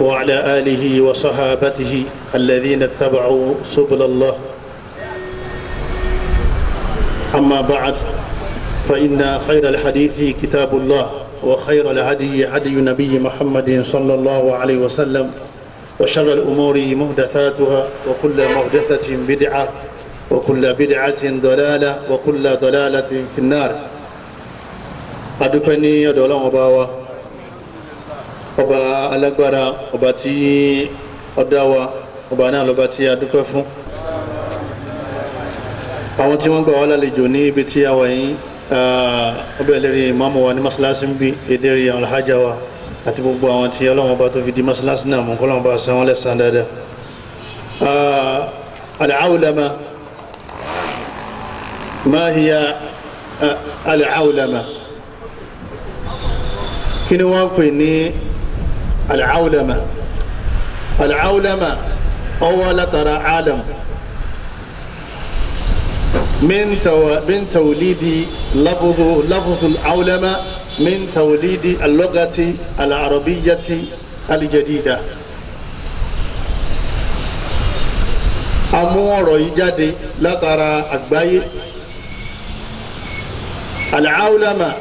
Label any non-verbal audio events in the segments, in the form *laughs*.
وعلى آله وصحابته الذين اتبعوا سبل الله أما بعد فإن خير الحديث كتاب الله وخير الهدي هدي نبي محمد صلى الله عليه وسلم وشر الأمور مهدثاتها وكل مهدثة بدعة وكل بدعة ضلالة وكل ضلالة في النار أدفني يدولون مباوة ọba alágbára ọba tí ọdá wa ọba náà lọ́ba tí a dúpẹ́ fún àwọn tí wọ́n gbà wá lálejò ní ibi tí a wà yín ọbẹ̀ lérí ìmáàmù wa ní masalasi ń bí èdèrè alhaja wa àti gbogbo àwọn tí ọlọ́wọ́n bá tó fi di masalasi náà mú kọ́lọ́wọ́n bá san wọ́n lẹ́sàn dáadáa. al'aulama ma hiya al'aulama kí ni wọ́n pè ní العولمة العولمة أول ترى عالم من تو... من توليد لفظ لفظ العولمة من توليد اللغة العربية أمور amú لترى yìí العولمة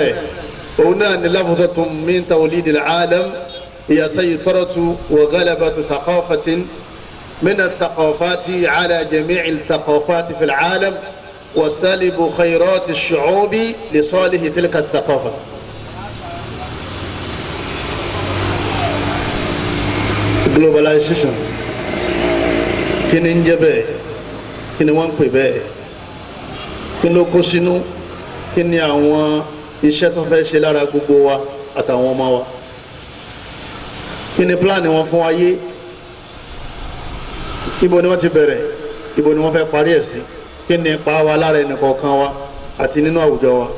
látara وقلنا أن لفظة من توليد العالم هي سيطرة وغلبة ثقافة من الثقافات على جميع الثقافات في العالم وسلب خيرات الشعوب لصالح تلك الثقافة globalization kí ni ń jẹ́ bẹ́ẹ̀ kí ni wọ́n ń pè bẹ́ẹ̀ kí ló kó sínú kí ni àwọn iṣẹ́ tó fẹ́ ṣe lára gbogbo wa àtàwọn ọmọ wa kí ni pílánì wọn fún ayé ibo ni wọ́n ti bẹ̀rẹ̀ ibo ni wọ́n fẹ́ parí ẹ̀ sí kí ni ipa wa lára ẹnìkọ̀ọ̀kan wa àti nínú àwùjọ wa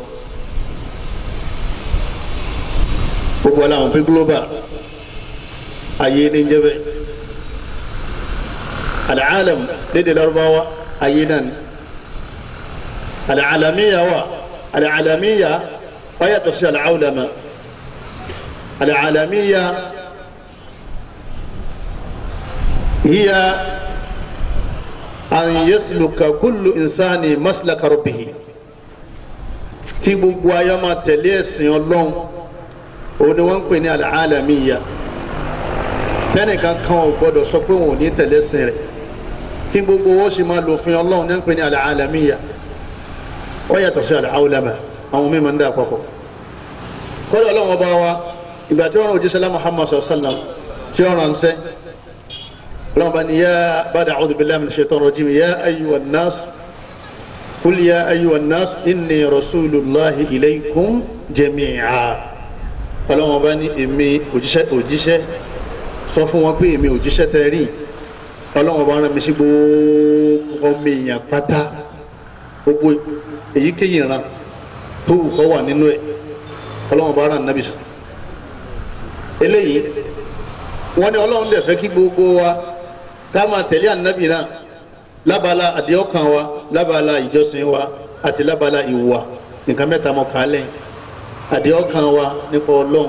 gbogbo aláwọn pé global ayé ní jẹ́bẹ̀ alaalam lédè Lárúbáwá ayé náà ni alaalamiya wa alaalamiya ó yàtọ̀ sí al-ulama al-alamiyya hiya an yasluka kullu insani maslaka rabbihi tí gbogbo ayé máa tẹ̀lé ẹ̀sìn ọlọ́run òun ni wọ́n ń pè ní al tẹ́nìkan kan ò gbọ́dọ̀ sọ pé òun ò ní tẹ̀lé ẹ̀sìn rẹ̀ tí gbogbo wọn sì máa lòfin ọlọ́run ní ń pè ní al-alamiyya yàtọ̀ sí al àwọn míì máa ń dà papọ̀ kọ́dọ̀ ọlọ́run ọba wa ìgbà tí wọ́n rán òjíṣẹ́ lá Muhammad sallam tí wọ́n rán sẹ́ ọlọ́run bá ní yá bàdà a'udhu billahi minash shaitani rajim yá ayyuhan nas qul yá ayyuhan nas inni rasulullahi ilaykum jami'a ọlọ́run ọba ní èmi òjíṣẹ́ òjíṣẹ́ sọ fún wọn pé èmi òjíṣẹ́ tẹ rí ọlọ́run ọba rán mi sí gbogbo ọmọ èèyàn pátá gbogbo èyíkéyìí ràn tóbù kọ́ wà nínú ẹ̀ ọlọ́run bá rà nábì eléyìí wọ́n ní ọlọ́run lè gbogbo wa ká máa tẹ̀lé ànábì náà lábala àdéhọ́kàn wa lábala ìjọsìn wa àti lábala ìwà nǹkan mẹ́ta mọ̀ kálẹ̀ àdéhọ́kàn wa nípa ọlọ́run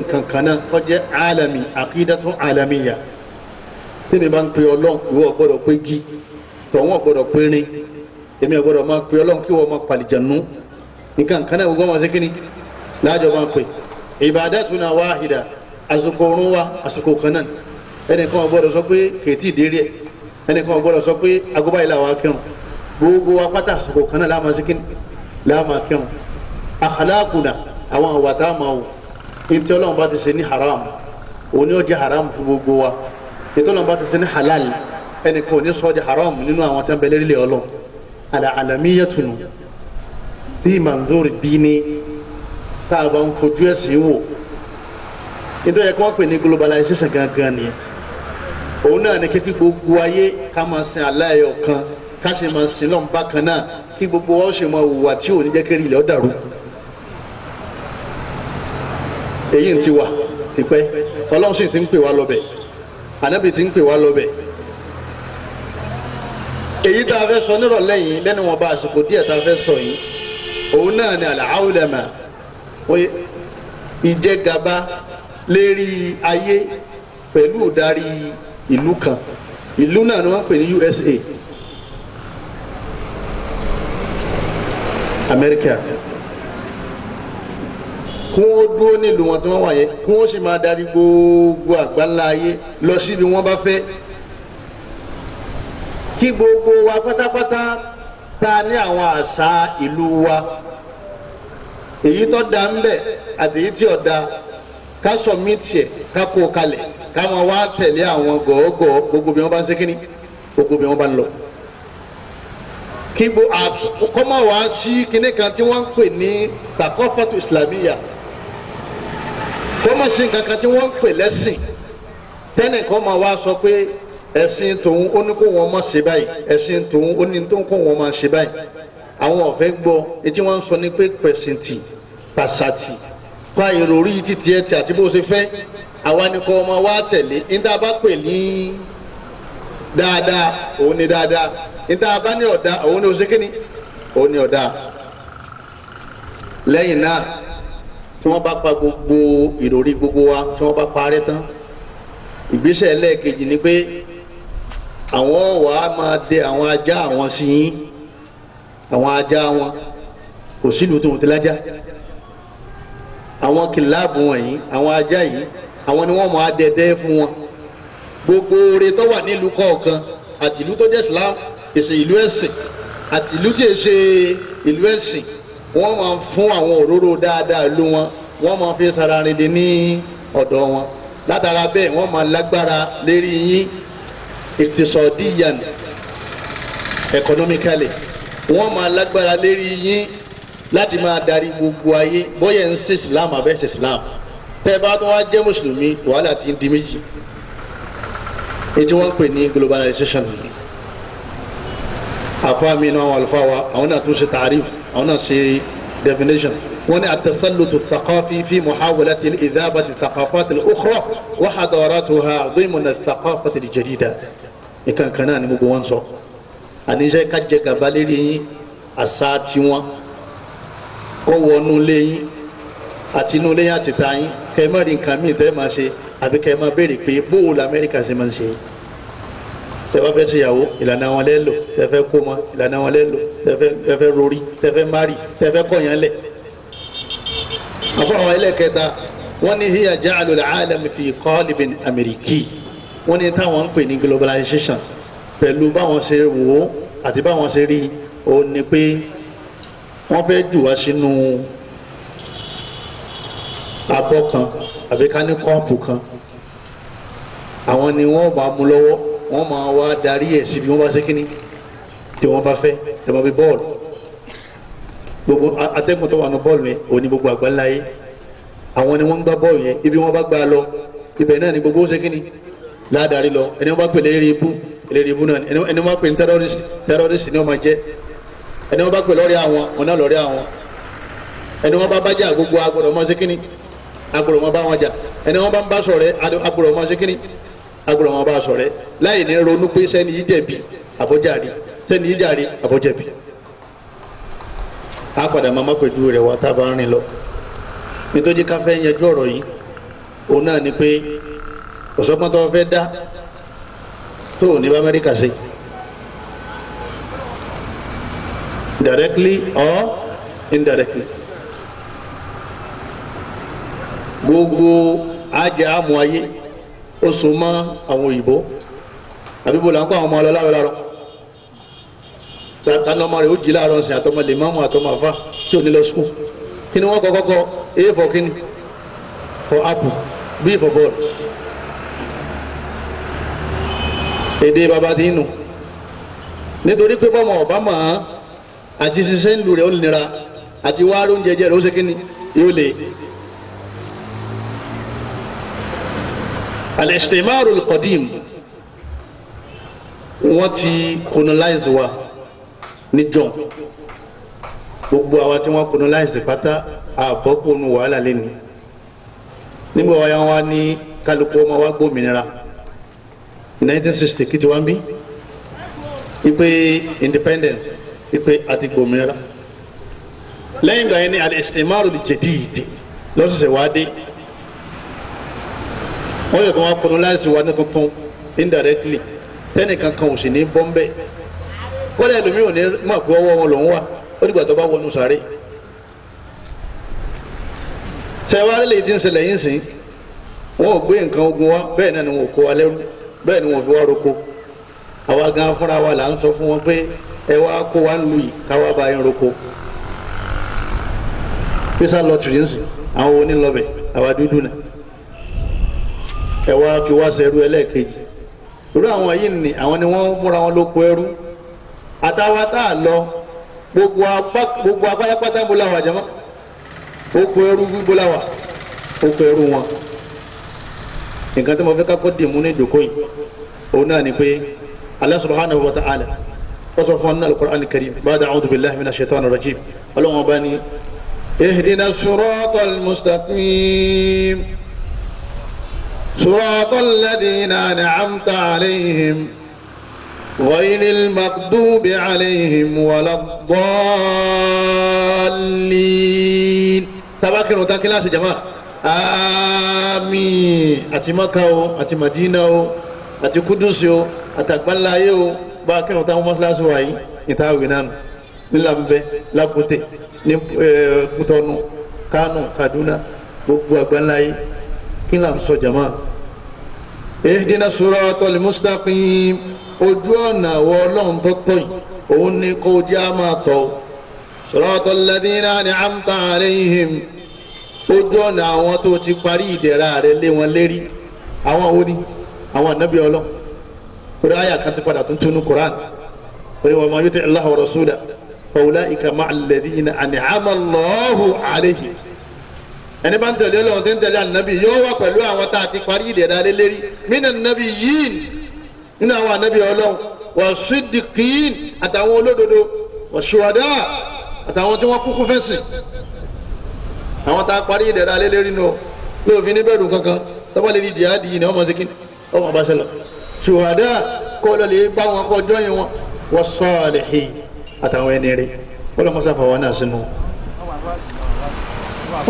nǹkan alamiya bá ń pe ọlọ́run ìwọ pé jí èmi ò gbọ́dọ̀ máa pe ọlọ́run kí wọ́n máa pàlìjànú nǹkan kan náà gbogbo àwọn ṣe kíni láàjọ máa pè ibadatuna wahida àsìkò ọ̀run wa àsìkò kan náà ẹnìkan ò gbọ́dọ̀ sọ pé kèétí ìdérí ẹ̀ ẹnìkan ò gbọ́dọ̀ sọ pé agoba ìlà wa kírun gbogbo wa àsìkò kan náà láàmà ṣe kíni láàmà kírun àkàlákùnà àwọn àwàtà máa wò ètò ọlọ́run bá ti ṣe ní haram òun ni ó haram fún gbogbo wa ètò ọlọ́run bá ti ṣe ní halal ẹnìkan ò ní sọ ọ́ di haram nínú àwọn tẹ́ńbẹ́lẹ́rìlẹ̀ ọlọ́run alàlàmíyàtùnú bíi manzori dini tá a bá ń fojú ẹ̀sìn wò nítorí ẹ̀kọ́ wọn pè ní globalization gangan nìyẹn òun náà ni kí gbogbo ayé ká máa sin aláìyọ kan ká sì máa sin lọ́n bákan náà kí gbogbo wa ó máa hùwà tí ò ní jẹ́ kéré ilẹ̀ ó dàrú. èyí ń ti wà tipẹ́ ọlọ́run sì ti ń pè wá lọ́bẹ̀ ànábì ti ń pè wá lọ́bẹ̀ èyí tá a fẹ́ sọ nírọ̀lẹ́ yìí lẹ́nu wọn bá àsìkò díẹ̀ tá a fẹ́ sọ yìí òun náà ni àlàáwùlẹ̀mà ìjẹgàba lérí ayé pẹ̀lú ìdarí ìlú kan ìlú náà ni wọ́n pè ní USA Amẹ́ríkà kí wọ́n dúró nílùú wọn tí wọ́n wà yẹn kí wọ́n sì máa darí gbogbo àgbáńlá ayé lọ sí ibi wọ́n bá fẹ́ kí gbogbo wa pátápátá ta ní àwọn àṣà ìlú wa èyí tó da ńlẹ̀ àti èyí tí ò da ká sọ mí tiẹ̀ ká kó kalẹ̀ káwọn wá tẹ̀lé àwọn gọ̀ọ́gọ̀ gbogbo bí wọ́n bá ń sékíní gbogbo bí wọ́n bá ń lọ. kí gbogbo kọ́mọ̀ wá sí kinní kan tí wọ́n ń pè ní takọ́fàtú islamiyya kọ́mọ̀ sí nǹkan tí wọ́n ń pè lẹ́sìn tẹ́nìkan máa wá sọ pé ẹ̀sìn tòun ó ní kó wọn má ṣe báyìí ẹ̀sìn tòun ó ní tó ń kó wọn má ṣe báyìí àwọn ọ̀fẹ́ gbọ́ etí wọn sọ ní pé pẹ̀sìntì pàṣàtì pa ìròrí títí ẹ̀ tí àti bó ṣe fẹ́ àwa ni kọ́ ọmọ wa tẹ̀lé níta bá pè ní dáadáa òun ni dáadáa níta bá ní ọ̀dá òun ni òṣèkéni òun ni ọ̀dá lẹ́yìn náà tí wọ́n bá pa gbogbo ìròrí gbogbo wa tí wọ́n bá parẹ́ tán ìgbésẹ̀ ẹlẹ́ẹ̀kejì ni pé àwọn wà á máa dẹ àwọn ajá àwọn sí yín àwọn ajá wọn kò sílùú tó ń tẹ lájà àwọn kìláàbù wọ̀nyí àwọn ajá yìí àwọn ni wọ́n máa dẹdẹ fún wọn gbogbo oore tó wà nílùú kọ̀ọ̀kan àti ìlú tó jẹ́ Islam èsì ìlú ẹ̀sìn àti ìlú tí èsè ìlú ẹ̀sìn wọ́n máa fún àwọn òróró dáadáa ìlú wọn wọ́n máa fi sara rìndín ní ọ̀dọ̀ wọn látara bẹ́ẹ̀ wọ́n máa lágbára lérí yín iqtisadiyan economically wọ́n máa lágbára lérí yín láti máa darí gbogbo ayé bóyá ń ṣe islam abẹ́ ṣe islam tẹ́ bá tó wá jẹ́ mùsùlùmí wàhálà ti ń di méjì ètò wọn pè ní globalization àfa mi náà àwọn àlùfáà wa àwọn náà tún ṣe tààrífù àwọn náà ṣe definition wọ́n ní التسلط الثقافي في محاولة إذابة الثقافات الأخرى وحضاراتها ضمن الثقافة الجديدة nǹkan kan náà ni gbogbo wọn sọ àníṣe kájẹ gàba lérí yín àṣà tiwọn kọ wọnú lé yín àti inú lé yín àti ta yín kẹ ẹ má rí nǹkan míì tẹ́ ẹ máa ṣe àbí kẹ ẹ máa béèrè pé bóòlù amẹ́ríkà ṣe máa ń ṣe tẹ́fẹ́ fẹ́ ṣèyàwó ìlànà wọn lẹ́lò tẹ́fẹ́ kó mọ ìlànà wọn lẹ́lò tẹ́fẹ́ rori tẹ́fẹ́ mari tẹ́fẹ́ kọ̀yánlẹ̀. àbọ̀ àwọn ẹlẹ́kẹta wọ́n ní hiya ja'alul alami fi qalibin amiriki wọ́n ní táwọn ń pè ní globalization pẹ̀lú báwọn ṣe wò ó àti báwọn ṣe rí ó ní pé wọ́n fẹ́ jù wá sínú abọ́ kan àbí ká ní kọ́ọ̀pù kan àwọn ni wọ́n bá mú lọ́wọ́ wọ́n máa wá darí ẹ̀ síbi wọ́n bá ṣe kíní tí wọ́n bá fẹ́ ẹ̀ máa fi bọ́ọ̀lù gbogbo atẹ́gùn tó wà ní bọ́ọ̀lù yẹn òní gbogbo àgbáńlá yẹn àwọn ni wọ́n ń gbá bọ́ọ̀lù yẹn ibi wọ́n bá gbá lọ ibẹ̀ náà ni gbogbo ó ṣe kíní ládàrí lọ ẹni wọ́n bá pè lérí ibú lérí ibú náà ẹni wọ́n bá pè ní tẹ́rọ́rìsì tẹ́rọ́rìsì ni wọ́n máa jẹ́ ẹni wọ́n bá pè lọ́rẹ́ àwọn ọ̀nà lọ́rẹ́ àwọn ẹni wọ́n bá bá gbogbo agbọ̀dọ̀ mọ́ síkínì agbọ̀dọ̀ mọ́ bá wọn jà ẹni wọ́n bá ń bá ṣọ̀rẹ́ agbọ̀dọ̀ mọ́ síkínì agbọ̀dọ̀ mọ́ bá ṣọ̀rẹ́ láì ní ronú pé sẹ́ni yìí jẹ̀bi àbọ̀jàre sẹ́ni yìí jàre àbọ̀jẹ̀bi. a padà máa má wá kò sọ́gbọ́n tó fẹ́ dá tó ní bá amẹ́ríkà ṣe directly or indirectly gbogbo ajá amú ayé ó so mọ́ àwọn òyìnbó àbí bó la ń kó àwọn ọmọ ọlọ́láwọ̀ lárọ́ tani ọmọ rẹ̀ ó jí láàárọ̀ sìn àtọmọ lè máàmù àtọmọ àfa tí ò ní lọ sùkúl kí ni wọ́n kọ́ kọ́kọ́ a for kini for apple b for ball èdè baba ti nù nítorí pé bọ́mọ ọ̀bá mọ̀ án àti ṣiṣẹ́ ń lu rẹ̀ ó nira àti wá oúnjẹ jẹ rẹ̀ ó ṣe kí ni yóò lè. al-istimaru al-qadim wọ́n ti colonize wa ní john gbogbo àwa tí wọ́n colonize pátá àbọ̀kùnrin wàhálà lẹ́nu nígbà wáyà wọn ní kálukú ọmọ wa gbòmìnira nineteen sixty kí ti wá ipe independence ipe àti gbòmìnira lẹ́yìn ìgbà yẹn ni al-istimaru al-jadid lọ́sọ̀ọ̀sẹ̀ wá dé wọ́n yẹ kó wá colonize ní tuntun indirectly tẹ́nìkan kan ò sì ní bọ́m̀bẹ́ kọ́lá ẹlòmíì ò ní má gbé ọwọ́ wọn lòún wà ó dìgbà tó bá wọnú sáré. sẹ́wárí lè ti ń yín sìn wọ́n ò gbé nǹkan ogun wa bẹ́ẹ̀ náà ni wọ́n kó wa lẹ́rú. bẹ́ẹ̀ ni wọ́n fi wá roko àwa gan fúnra wa là ń sọ fún wọn pé ẹ wá kó wa ń lu yìí káwa bá roko fisa lọ ń sìn àwọn onílọbẹ àwa dúdú náà ẹ wá fi wá sẹrú àwọn yìí ni àwọn ni wọ́n múra wọn lóko ẹrú àtàwa tá a lọ gbogbo apátápátá ń bọ̀ làwà jẹ́mọ́ oko ẹrú gbogbo làwà oko ẹrú wọn. nǹkan tí mo fẹ́ ká kó dìmú ní ìjòkó yìí òun náà ni pé Allah subhanahu wa ta'ala ó sọ fún ọ́nà al-Qur'an al-Karim ba'da a'udhu billahi minash shaitanir rajim ọlọ́run ọba ni ihdina siratal mustaqim siratal ladina an'amta alayhim غير المغضوب عليهم ولا الضالين سباكن وتاكلاس جماعه àmín àti maka o àti madina o àti kudusi o àti àgbáńlá ayé o bá a kẹ́hìn táwọn mọ́sálásí wà yìí níta àwìn náà ní lambẹ lakote ní kutọnu kánò kaduna gbogbo àgbáńlá ayé kí n ń sọ jama. ihdina siratal mustaqim ojú ọ̀nà wọ ọlọ́run tó yìí òun ni kò jẹ́ àmà tọ́ siratal ladina an'amta alayhim. ojú ọ̀nà àwọn tó ti parí ìdẹ̀ra rẹ lé wọn lérí àwọn àwọn awọn àwọn ànábì ọlọ́ orí àyà kan ti padà tuntun ní orí wọn máa yóò tẹ Allah wa rasúlà ọ̀wùlá ìka máa lẹ̀dí iná àní àmà lọ́hùn ẹni bá ń tẹ̀lé lọ́wọ́ tó ń tẹ̀lé ànábì yóò wà pẹ̀lú àwọn tá a ti parí ìdẹ̀ra lérí mínà ànábì yìí nínú àwọn ànábì ọlọ́ àtàwọn olódodo àtàwọn tí àwọn tá a parí ìdẹ̀ra alẹ́ lérí nù ní òfin ní bẹ̀rù kankan tọ́pọ̀ lè di jihadi yìí ni ọmọ sikin ọmọ bá ṣẹlẹ̀ ṣùhàdá kọ́ lọ lè bá wọn kọ́ jọ́yìn wọn wọ́n sọ àlẹ́ hì àtàwọn ẹni rẹ̀ ọlọ́mọṣà fàwọn náà sínú.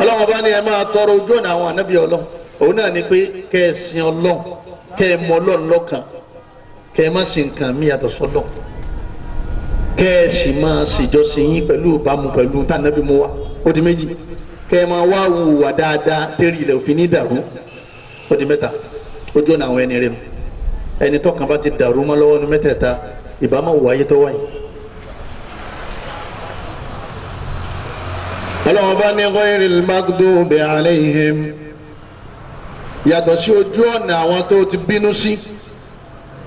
ọlọ́wọ́n bá ẹ máa tọrọ ojú ọ̀nà àwọn ànábì ọlọ́ òun náà ni pé kẹ́ ẹ sin ọlọ́run kẹ́ ẹ mọ ọlọ́run lọ́kàn kẹ́ ẹ má sin nǹkan mí yàtọ̀ sọ́lọ́ kẹ́ ẹ sì máa ṣèjọ́sìn yín pẹ̀lú ìbámu pẹ̀lú tànàbí mu wa ó di méjì kẹ́ ẹ máa wá hùwà dáadáa tẹ́rì ilẹ̀ òfin ní dàrú ó di mẹ́ta ojú ọ̀nà àwọn ẹni rẹ̀ mu ẹni tó kàn bá ti dàrú mọ́ lọ́wọ́ ní mẹ́tẹ̀ẹ̀ta ìbámu wáyé tó wáyé. ọlọ́wọ́n bá ní ghayril maghdubi alayhim yàtọ̀ sí ojú ọ̀nà àwọn tó ti bínú sí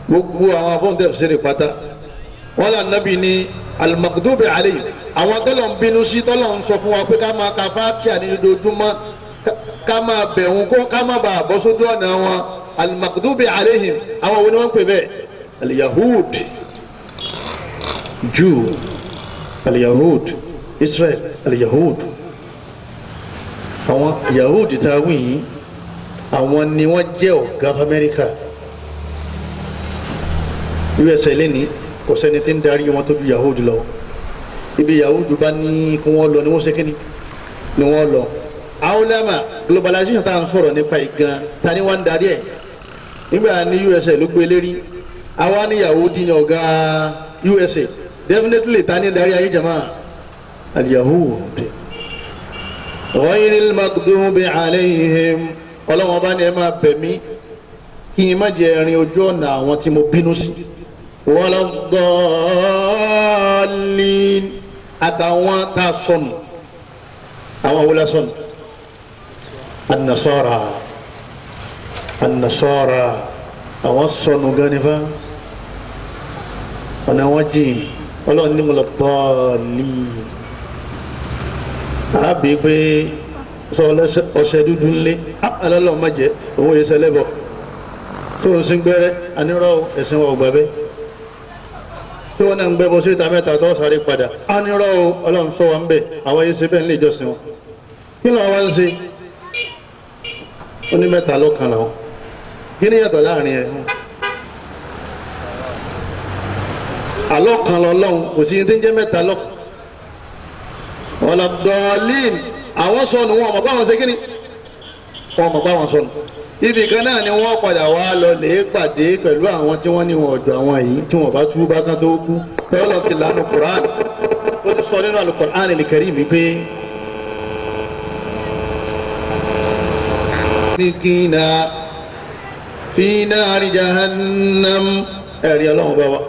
gbogbo àwọn afọ́ńtẹ̀fẹ́sẹ̀rẹ̀ pátá wọ́n là nábì ní alimakudubi ali àwọn tọ́lọ̀ ń bínú sí tọ́lọ̀ ń sọ fún wa pé ká máa ka fátíà ní dojoojúmọ́ ká máa bẹ̀rù kó ká má bàa bọ́ sójú ọ̀nà wọn alimakudubi alihim àwọn wo ni wọ́n pè bẹ́ẹ̀ aliyahud jew aliyahud israel aliyahud àwọn yahud tá a àwọn ni wọ́n jẹ́ ọ̀gá amẹ́ríkà usa lẹ́nìí kò sẹ́ni tí ń darí wọn tó ju yahudu lọ ibi yahudu bá ní kí wọ́n lọ ni wọ́n ṣe kí ni wọ́n lọ. àwọn lẹ́mà globalization tá à ń sọ̀rọ̀ nípa ìgan ta ni wọ́n ń darí ẹ̀ nígbà ní USA ló gbé lérí àwa ní yahudi ní ọ̀gá USA definitely ta ni darí ayé jama al-yahudi. ghayril maghdubi alayhim ọlọ́wọ́n bá ní ẹ máa bẹ̀ mí kí n má jẹ ẹrin ojú ọ̀nà àwọn tí mo bínú sí wala ddallin àtàwọn tá a sọnù àwọn wọlé sọnù annasara annasara àwọn sọnù ganifa ọ̀nà wọn jìn ọlọ́run ní wala ddallin àbí pé sọ ọṣẹ dúdú ńlẹ alálọ́ọ̀ má jẹ òun yẹ sẹlẹ̀ tó ń sin gbẹ́rẹ́ anírọ̀ ẹ̀sìn wa ò tí wọn náà ń gbẹbọ sí ìta mẹ́ta tó sáré padà á ní rọ o Ọlọ́run sọ wa ń bẹ àwọn yìí ṣe bẹ́ẹ̀ nílé ìjọsìn wọn kí ló wá ń ṣe ó ní mẹ́ta lọ́kàn làwọn kí ni yàtọ̀ láàrin ẹ àlọ́ kan lọ́lọ́run kò sí ní jẹ́ mẹ́ta lọ́kàn ọ̀làdọ̀ọ́lìn àwọn sọnù wọn ọmọ báwọn ṣe kí ni wọn ọmọ báwọn sọnù. ibi kan náà ni wọ́n padà wá lọ lè pàdé pẹ̀lú àwọn tí wọ́n ní wọn ọ̀dọ̀ àwọn yìí tí wọ́n bá tú bá kán tó kú pẹ̀lú ọ̀kì lánàá Qur'an ó ti sọ nínú al pé. sikina fi nari jahannam ẹ̀rí ọlọ́run bá wa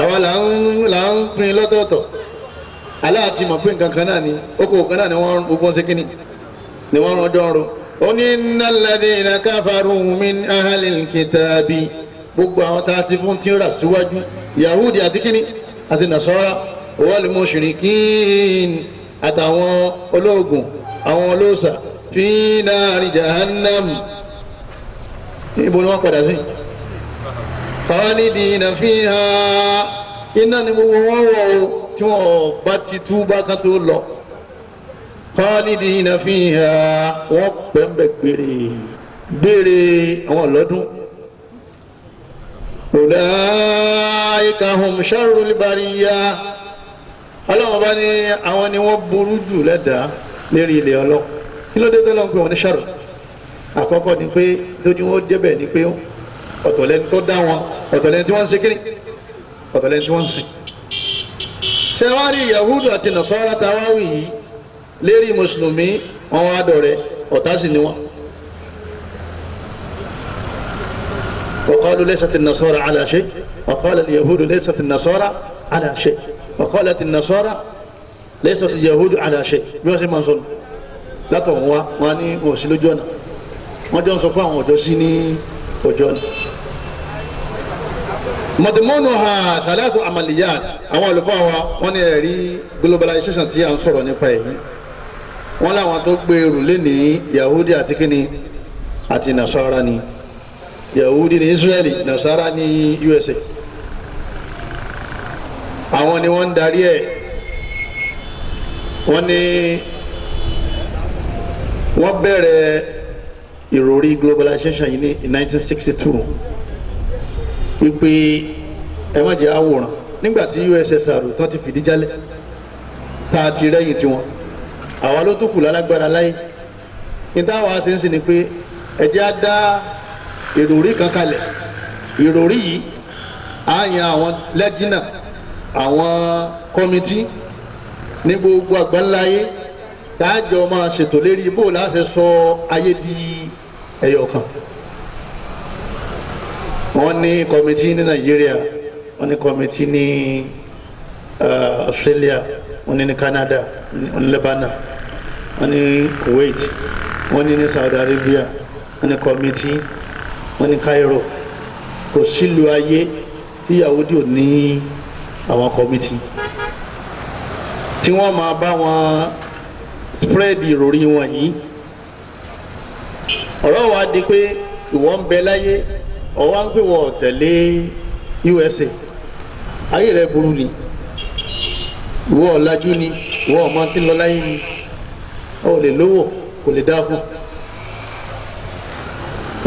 àwa là ń pín lọ́tọ̀ọ̀tọ̀ aláàtì mọ̀ pé nǹkan kan ni ó kó kan ni wọ́n gbogbo ṣe قل إن الذين كفروا من أهل الكتاب gbogbo àwọn tá a ti fún tíra síwájú yahudi àti kínní àti nasara wal mushrikin àtàwọn ológun àwọn olóòṣà fi náàrin jahannam ibo ni wọn padà sí. khalidina fiha iná ni gbogbo wọn wọ o tí wọn bá ti tú kan tó lọ khalidina fiha wọ́n pẹ́ńbẹ́ gbére gbére àwọn ọlọ́dún. ulaika hum sharrul bariya ọlọ́wọ́n bá ní àwọn ni wọ́n burú jù lẹ́dàá lérí ilẹ̀ ọlọ́ kí ló dé tó lọ́n pé wọ́n ní sharru àkọ́kọ́ ni pé lójú wọn débẹ̀ ni pé ọ̀tọ̀lẹ́ni tó dá wọn ọ̀tọ̀lẹ́ni tí wọ́n ń ṣe kiri ọ̀tọ̀lẹ́ni tí wọ́n ń sìn. ṣé wàá rí yahudu àti nasara táwọn wì yìí lérí mùsùlùmí wọn wá dọ̀rẹ́ ọ̀tá sì ni wọn. وقالوا ليست النصارى على شيء وقال اليهود ليست النصارى على شيء وقالت النصارى ليست اليهود على شيء bí wọ́n ṣe máa ń sọnù látọ̀hún wá wọn ní òsì lójú ọ̀nà wọ́n jọ ń sọ fún àwọn òjò sí ní òjò ọ̀nà. mọ̀tìmọ́nù ha tàlẹ́kù amaliyat àwọn olùkọ́ wa wọ́n ní ẹ̀rí globalization tí à ń sọ̀rọ̀ nípa ẹ̀yìn wọ́n láwọn tó gbé ẹrù lénìí yahudi àti kíni àti nasara ni yahudi ni israeli nasara ni usa àwọn ni wọ́n ń darí ẹ̀ wọ́n ní wọ́n bẹ̀rẹ̀ ìròrí globalization yìí ní 1962 wípé ẹ má jẹ́ àwòrán nígbà tí ussr tó ti fìdí jálẹ̀ tá a ti rẹ́yìn tiwọn. àwa ló tó kù lálágbára láyé níta wa ti ń sin ni pé ẹ jẹ́ á dá ìròrí kan kalẹ̀ ìròrí yìí á yan àwọn lẹ́jìnà àwọn kọ́mítì ní gbogbo àgbáńlá ayé táàjọ máa ṣètò lérí bó láti sọ ayé di wọ́n ní kọ́mítì ní Nàìjíríà wọ́n ní kọ́mítì ní eh, Australia wọ́n ní ní Canada wọ́n ní Lebanon. wọ́n ní Kuwait wọ́n ní ní Saudi Arabia wọ́n ní kọ́mítì wọ́n ní Cairo kò sílùú ayé tí Yahudi ò ní àwọn kọ́mítì tí wọ́n máa bá wọn spread ìròrí wọn yìí ọ̀rọ̀ wa di pé ìwọ ń bẹ láyé ọ̀wá ń pè wọ́n tẹ̀lé USA ayé rẹ̀ burú ni ìwọ ọ̀làjú ni ìwọ ọ̀mọ́tí lọ́láyé ni ó lè lówó kò lè dá fún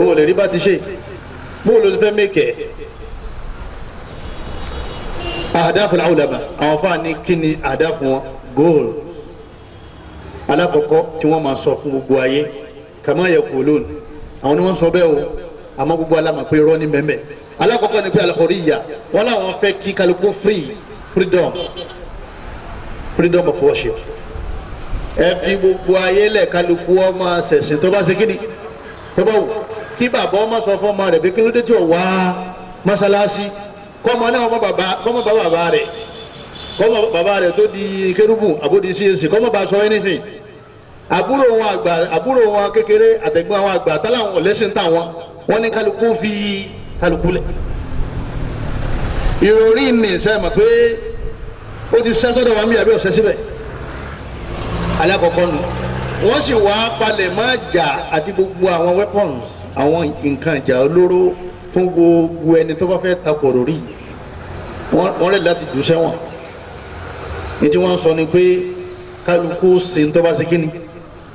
ó lè rí bá ti ṣe bóun ló ti fẹ́ mẹ́kẹ́ àdáfò làwọn àwọn fáà ní kí ni àdáfò wọn góòlù alákọ̀ọ́kọ́ tí wọ́n máa sọ fún gbogbo ayé kàmá yaqulun àwọn ni wọ́n sọ bẹ́ẹ̀ o àmọ́ gbogbo aláma pé irọ́ ní mẹ́mẹ́ alákọ̀ọ́kọ́ ni pé al-hurriya wọn làwọn fẹ́ kí kálukú free freedom freedom of worship ẹbí gbogbo ayé lẹ kálukú ọmọ ṣẹṣẹ tó bá ṣe ni tó bá wù kí bàbá ọmọ sọ fún ọmọ rẹ pé kí ló dé tí ò wá mọ́ṣáláṣí kọ́mọ náà ọmọ bàbá kọ́mọ bá bàbá rẹ kọ́mọ bàbá rẹ tó di kérúbù àbódi csc kọ́mọ bá sọ anything àbúrò wọn àgbà àbúrò wọn kékeré àtẹ̀gbọ́n wọn àgbà táláwọn ọ̀lẹ́sìn táwọn wọn ní kálukú fi kálukú lẹ̀ ìròrí ni sẹ́ẹ̀ mọ̀ pé ó ti sẹ́ sọ́dọ̀ wa mí àbí ọ̀sẹ̀ síbẹ̀ alákọ̀ọ́kọ́ nu wọ́n sì wá palẹ̀ mọ́ àjà àti gbogbo àwọn weapons àwọn nǹkan àjà olóró fún gbogbo ẹni tó bá fẹ́ takọ̀rọ̀ rí wọ́n rẹ̀ láti jù sẹ́wọ̀n ní tí wọ́n sọ ni pé kálukú ṣe ń tọ́ba sí kíni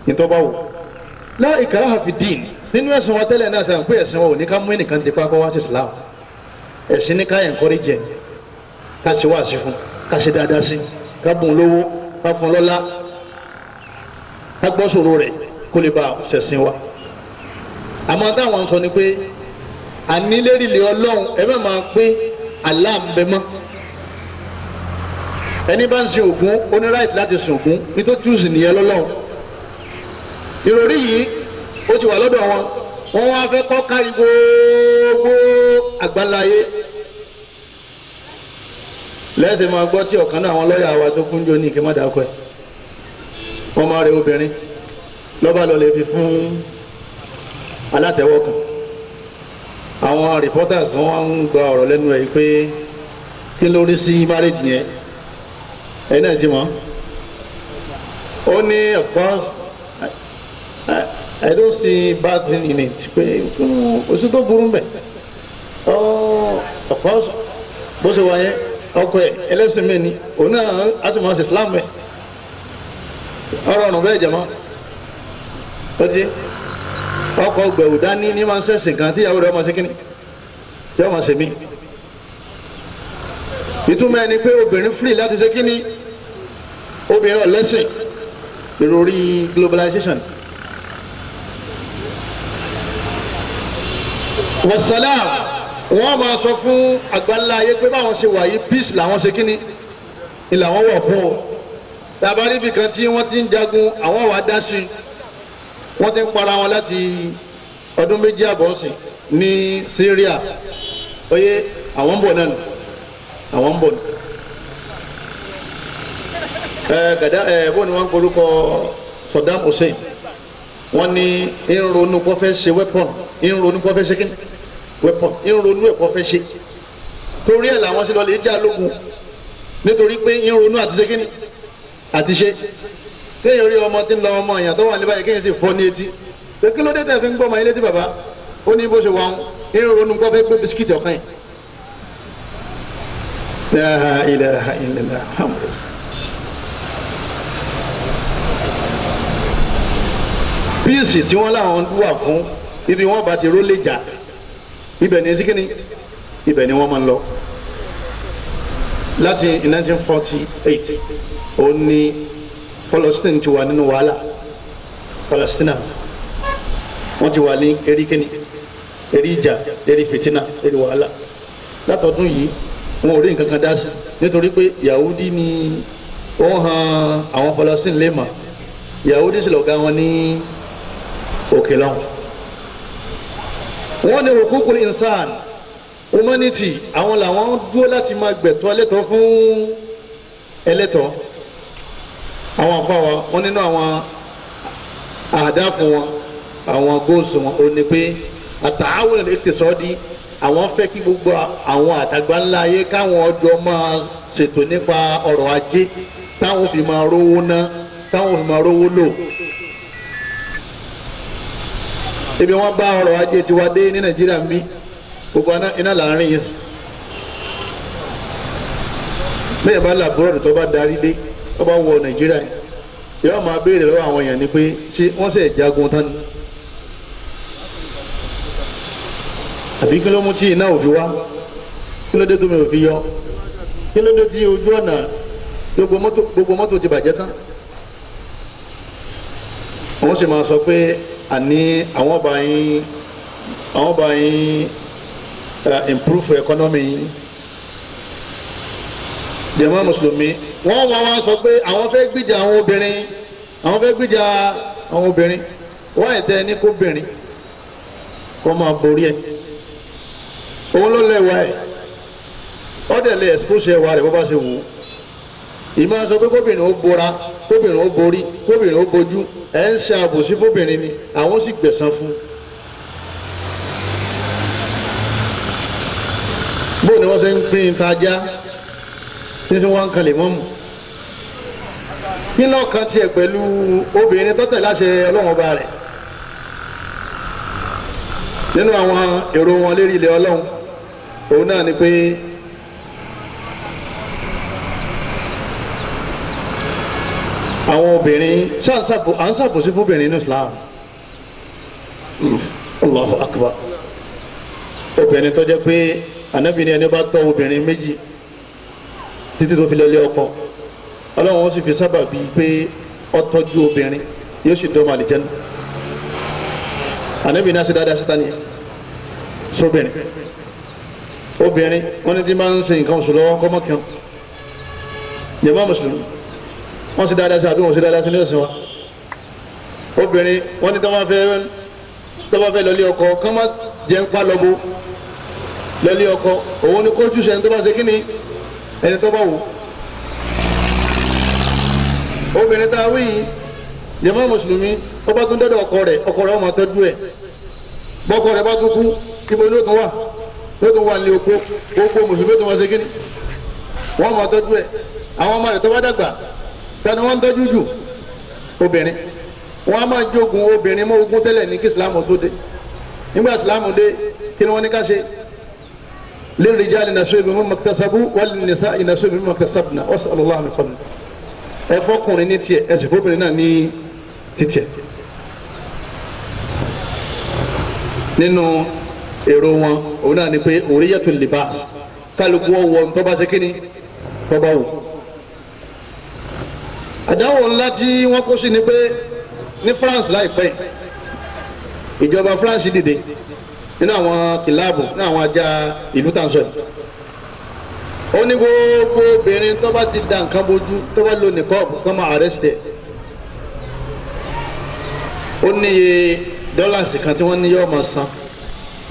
ní tọ́ba wò lá ìkàrà fi dín nínú ẹ̀sìn wọn tẹ́lẹ̀ náà sàn pé ẹ̀sìn wọn ò ní ká mú ẹnìkan ti pa kọ́ sí Islam ẹ̀sìn ní ká encourage ká ṣe wá sí fún ká ṣe dáadáa sí ká bùn lówó ká fún lọ́lá ká gbọ́ sọ̀rọ̀ rẹ̀ kó lè bá ṣẹ̀sìn wa àmọ́ táwọn sọ ni pé ànílérìlè ọlọ́run ẹ bẹ́ẹ̀ máa pé aláàbẹ̀mọ́ ẹni bá ń sin ògún ó ní right láti sin ògún nítorí túùsì nìyẹn lọ́lọ́run ìròrí yìí ó ti wà lọ́dọ̀ wọn wọ́n wá fẹ́ kọ́ kárí gbogbo àgbáláyé lẹ́sìn máa gbọ́ tí ọ̀kan náà àwọn lọ́ọ̀yà wa tó kúnjó ní ìkẹ́mọ́dàkọ́ ẹ̀ ọmọ rẹ̀ obìnrin lọ́ba lọ lè fi fún alátẹ̀wọ́ kan àwọn reporters wọn ń gba ọ̀rọ̀ lẹ́nu ẹ̀ pé kí ló rí sí marriage yẹn ẹ̀yin náà jí mọ́ ó ní of course I don't see bad thing in it pé oṣù tó burú mbẹ̀ ọ of course bó ṣe wáyé ọkọ ẹ̀ ẹlẹ́sìn mi òun náà á tún máa ṣe Islam ẹ̀ ọ̀rọ̀ ọ̀nà bẹ́ẹ̀ jẹ̀mọ́ ó ti ọkọ̀ gbẹ̀wò dání ní máa ń sẹ̀sìn kan tíyàwó rẹ̀ ọmọ sí kínní yọ ọmọ sí mi ìtumọ̀ ẹni pé obìnrin free láti ṣe kínní obìnrin ọ̀lẹ́sìn ìròrí globalization. wasalam wọ́n máa sọ fún àgbáńlá ayé pé báwọn ṣe wà yìí peace làwọn ṣe kínní ni làwọn wọ̀ fún o tàbárí ibìkan tí wọ́n ti ń jagun àwọn wàá dá sí wọ́n ti ń para wọn láti ọdún méjì àbọ̀sìn ní Syria oye àwọn ń bọ̀ náà nù àwọn ń bọ̀ nù. ẹ gàdá ẹ bọ́ọ̀ ni wọ́n ń korúkọ Saddam Hussein wọ́n ní ń ronú kó fẹ́ ṣe weapon ń ronú kó ṣe kí weapon ń ronú ẹ̀ kó ṣe torí ẹ̀ làwọn ṣe lọ lè já lógun nítorí pé ń ronú àti ṣe kí àti ṣe téèyàn rí ọmọ tí ń lọ ọmọ èèyàn tó wà ní báyìí kéèyàn sì fọ́ ní etí pé kí ló dé tẹ̀ fi ń gbọ́ ọmọ ilé tí bàbá ó ní bó ṣe wà ń irun ronú kọ́ fẹ́ gbé bisikíìtì ọ̀kan yìí. La ilaha illallah ibi wọ́n bá ti rólé jà ibẹ̀ ni etí kíni ibẹ̀ ni wọ́n máa ń lọ láti 1948 ó ní Palestine ti wà nínú wàhálà Palestine wọ́n ti wà ní eríkẹ́ni erí ìjà erí fìtínà erí wàhálà látọdún yìí wọn ò rí nǹkan kan dá sí nítorí pé Yahudi ni ó han àwọn Palestine lè Yahudi sì lọ́ọ́ ga wọn ní òkè lọ́hùn wọ́n ní hukukul insan humanity àwọn làwọn dúró láti máa gbẹ̀tọ́ ẹlẹ́tọ̀ọ́ fún ẹlẹ́tọ̀ọ́ àwọn àfa wa wọn nínú àwọn àdáàfún wọn àwọn góòsù wọn ò ní pé àtàwọn ènìyàn ti sọ di àwọn fẹ́ kí gbogbo àwọn àtàgbà ńlá ayé káwọn ọjọ́ máa ṣètò nípa ọrọ̀ ajé táwọn fi máa rówó ná táwọn fi máa rówó lò ibi wọn bá ọrọ̀ ajé tiwa dé ní nàìjíríà ń bí gbogbo iná láàrin yẹn bẹ́ẹ̀ bá làbúrò tó bá darí dé ó bá wọ nàìjíríà yóò máa béèrè lọ́wọ́ àwọn èèyàn ni pé ṣé wọ́n ṣe jagun tán ni. àbí kí ló mú tí iná òfi wá kí ló dé tó mi ò fi yọ kí ló dé tí ojú ọ̀nà gbogbo mọ́tò ti bàjẹ́ tán. wọ́n sì máa sọ pé àní àwọn ọba yín àwọn ọba yín eh, improve economy yín. jàmáà mùsùlùmí wọ́n wá wá sọ pé àwọn fẹ́ gbìjà àwọn obìnrin àwọn fẹ́ gbìjà àwọn obìnrin wọ́n ẹ̀tẹ́ ẹni kó bìnrin kọ́ máa borí ẹ̀ òun ló lẹ́wà ẹ̀ ọ̀dẹ̀ lè expose ẹ̀wà rẹ̀ bó bá ṣe wù ú ìmọ̀ sọ pé kóbìnrin ó bora kóbìnrin ó borí kóbìnrin ó bojú ẹ̀ ń ṣe àbòsí fóbìnrin ni àwọn sì gbẹ̀san fún un. bóun ni wọ́n ṣe ń pín in tajá títí wọ́n ń kan lè mọ́mù nínú ọkàn tiẹ̀ pẹ̀lú obìnrin tọ́tẹ̀ láṣẹ ọlọ́run ọba rẹ̀ nínú àwọn èrò wọn lérí ilẹ̀ ọlọ́run òun náà ni pé àwọn obìnrin ṣé à ń ṣàbòsí fún obìnrin ní Islam Allahu Akbar obìnrin tó jẹ́ pé ànábìnrin ẹni bá tọ́ obìnrin méjì títí tó fi lọ lé ọkọ ọlọ́run ó sì fi sábà bíi pé ó tọ́jú obìnrin yóò sì dọ́mọ àlìjẹ́nu ànábì náà ṣe dáadáa síta nìyẹn sóbìnrin obìnrin wọn ní tí máa ń ṣe nǹkan oṣù lọ́wọ́ kọ́mọ́kàn jẹ̀mọ́ mùsùlùmí wọ́n ṣe dáadáa sí àbí wọ́n ṣe dáadáa sí ilé ẹ̀sìn wa obìnrin wọn ní tọ́wọ́ fẹ́ tọ́wọ́ fẹ́ lọ́lé ọkọ kọ́mọ́ jẹ́ ń pa lọ́bù lọ́lé ọkọ òun ni kó jùṣẹ́ ń tó bá ṣe kí ni ẹni tó bá wù. obìnrin tá a wí yìí jẹ̀mọ́ mùsùlùmí ó bá tún dọ́dọ̀ ọkọ rẹ̀ ọkọ rẹ̀ ó máa tọ́jú ẹ̀ bọ́kọ rẹ̀ bá tún kú ibo ló tún wà ló tún wà ní oko oko mùsùlùmí tó máa ṣe kíni wọ́n máa tọ́jú ẹ̀ àwọn ọmọ rẹ̀ tó bá dàgbà tani wọ́n ń tọ́jú jù obìnrin wọ́n á máa jogun obìnrin mọ́ ogun tẹ́lẹ̀ ní kí islam tó dé nígbà islam dé kí ni wọ́n ní ká ṣe للرجال نصيب مما اكتسبوا وللنساء نصيب مما اكتسبنا واسال الله من فضله ẹ na ní tiẹ̀ ẹ sì fọkùnrin wọn òun náà ni pé òríyàtò lìbá kálukú ọwọ́ ntọ́ba ṣe kíni tọ́ba wò àdáwò ńlá tí wọ́n kó sí ni pé ní France láìpẹ́ ìjọba France nínú àwọn kìláàbù nínú àwọn ajá ìlú tàǹsọ̀ yìí. ó ní gbogbo obìnrin tó bá ti da nǹkan bójú tó bá lo nìkọ́ọ̀bù kó máa àrẹ́sìtẹ̀. ó ní iye dọ́làsì kan tí wọ́n ní máa san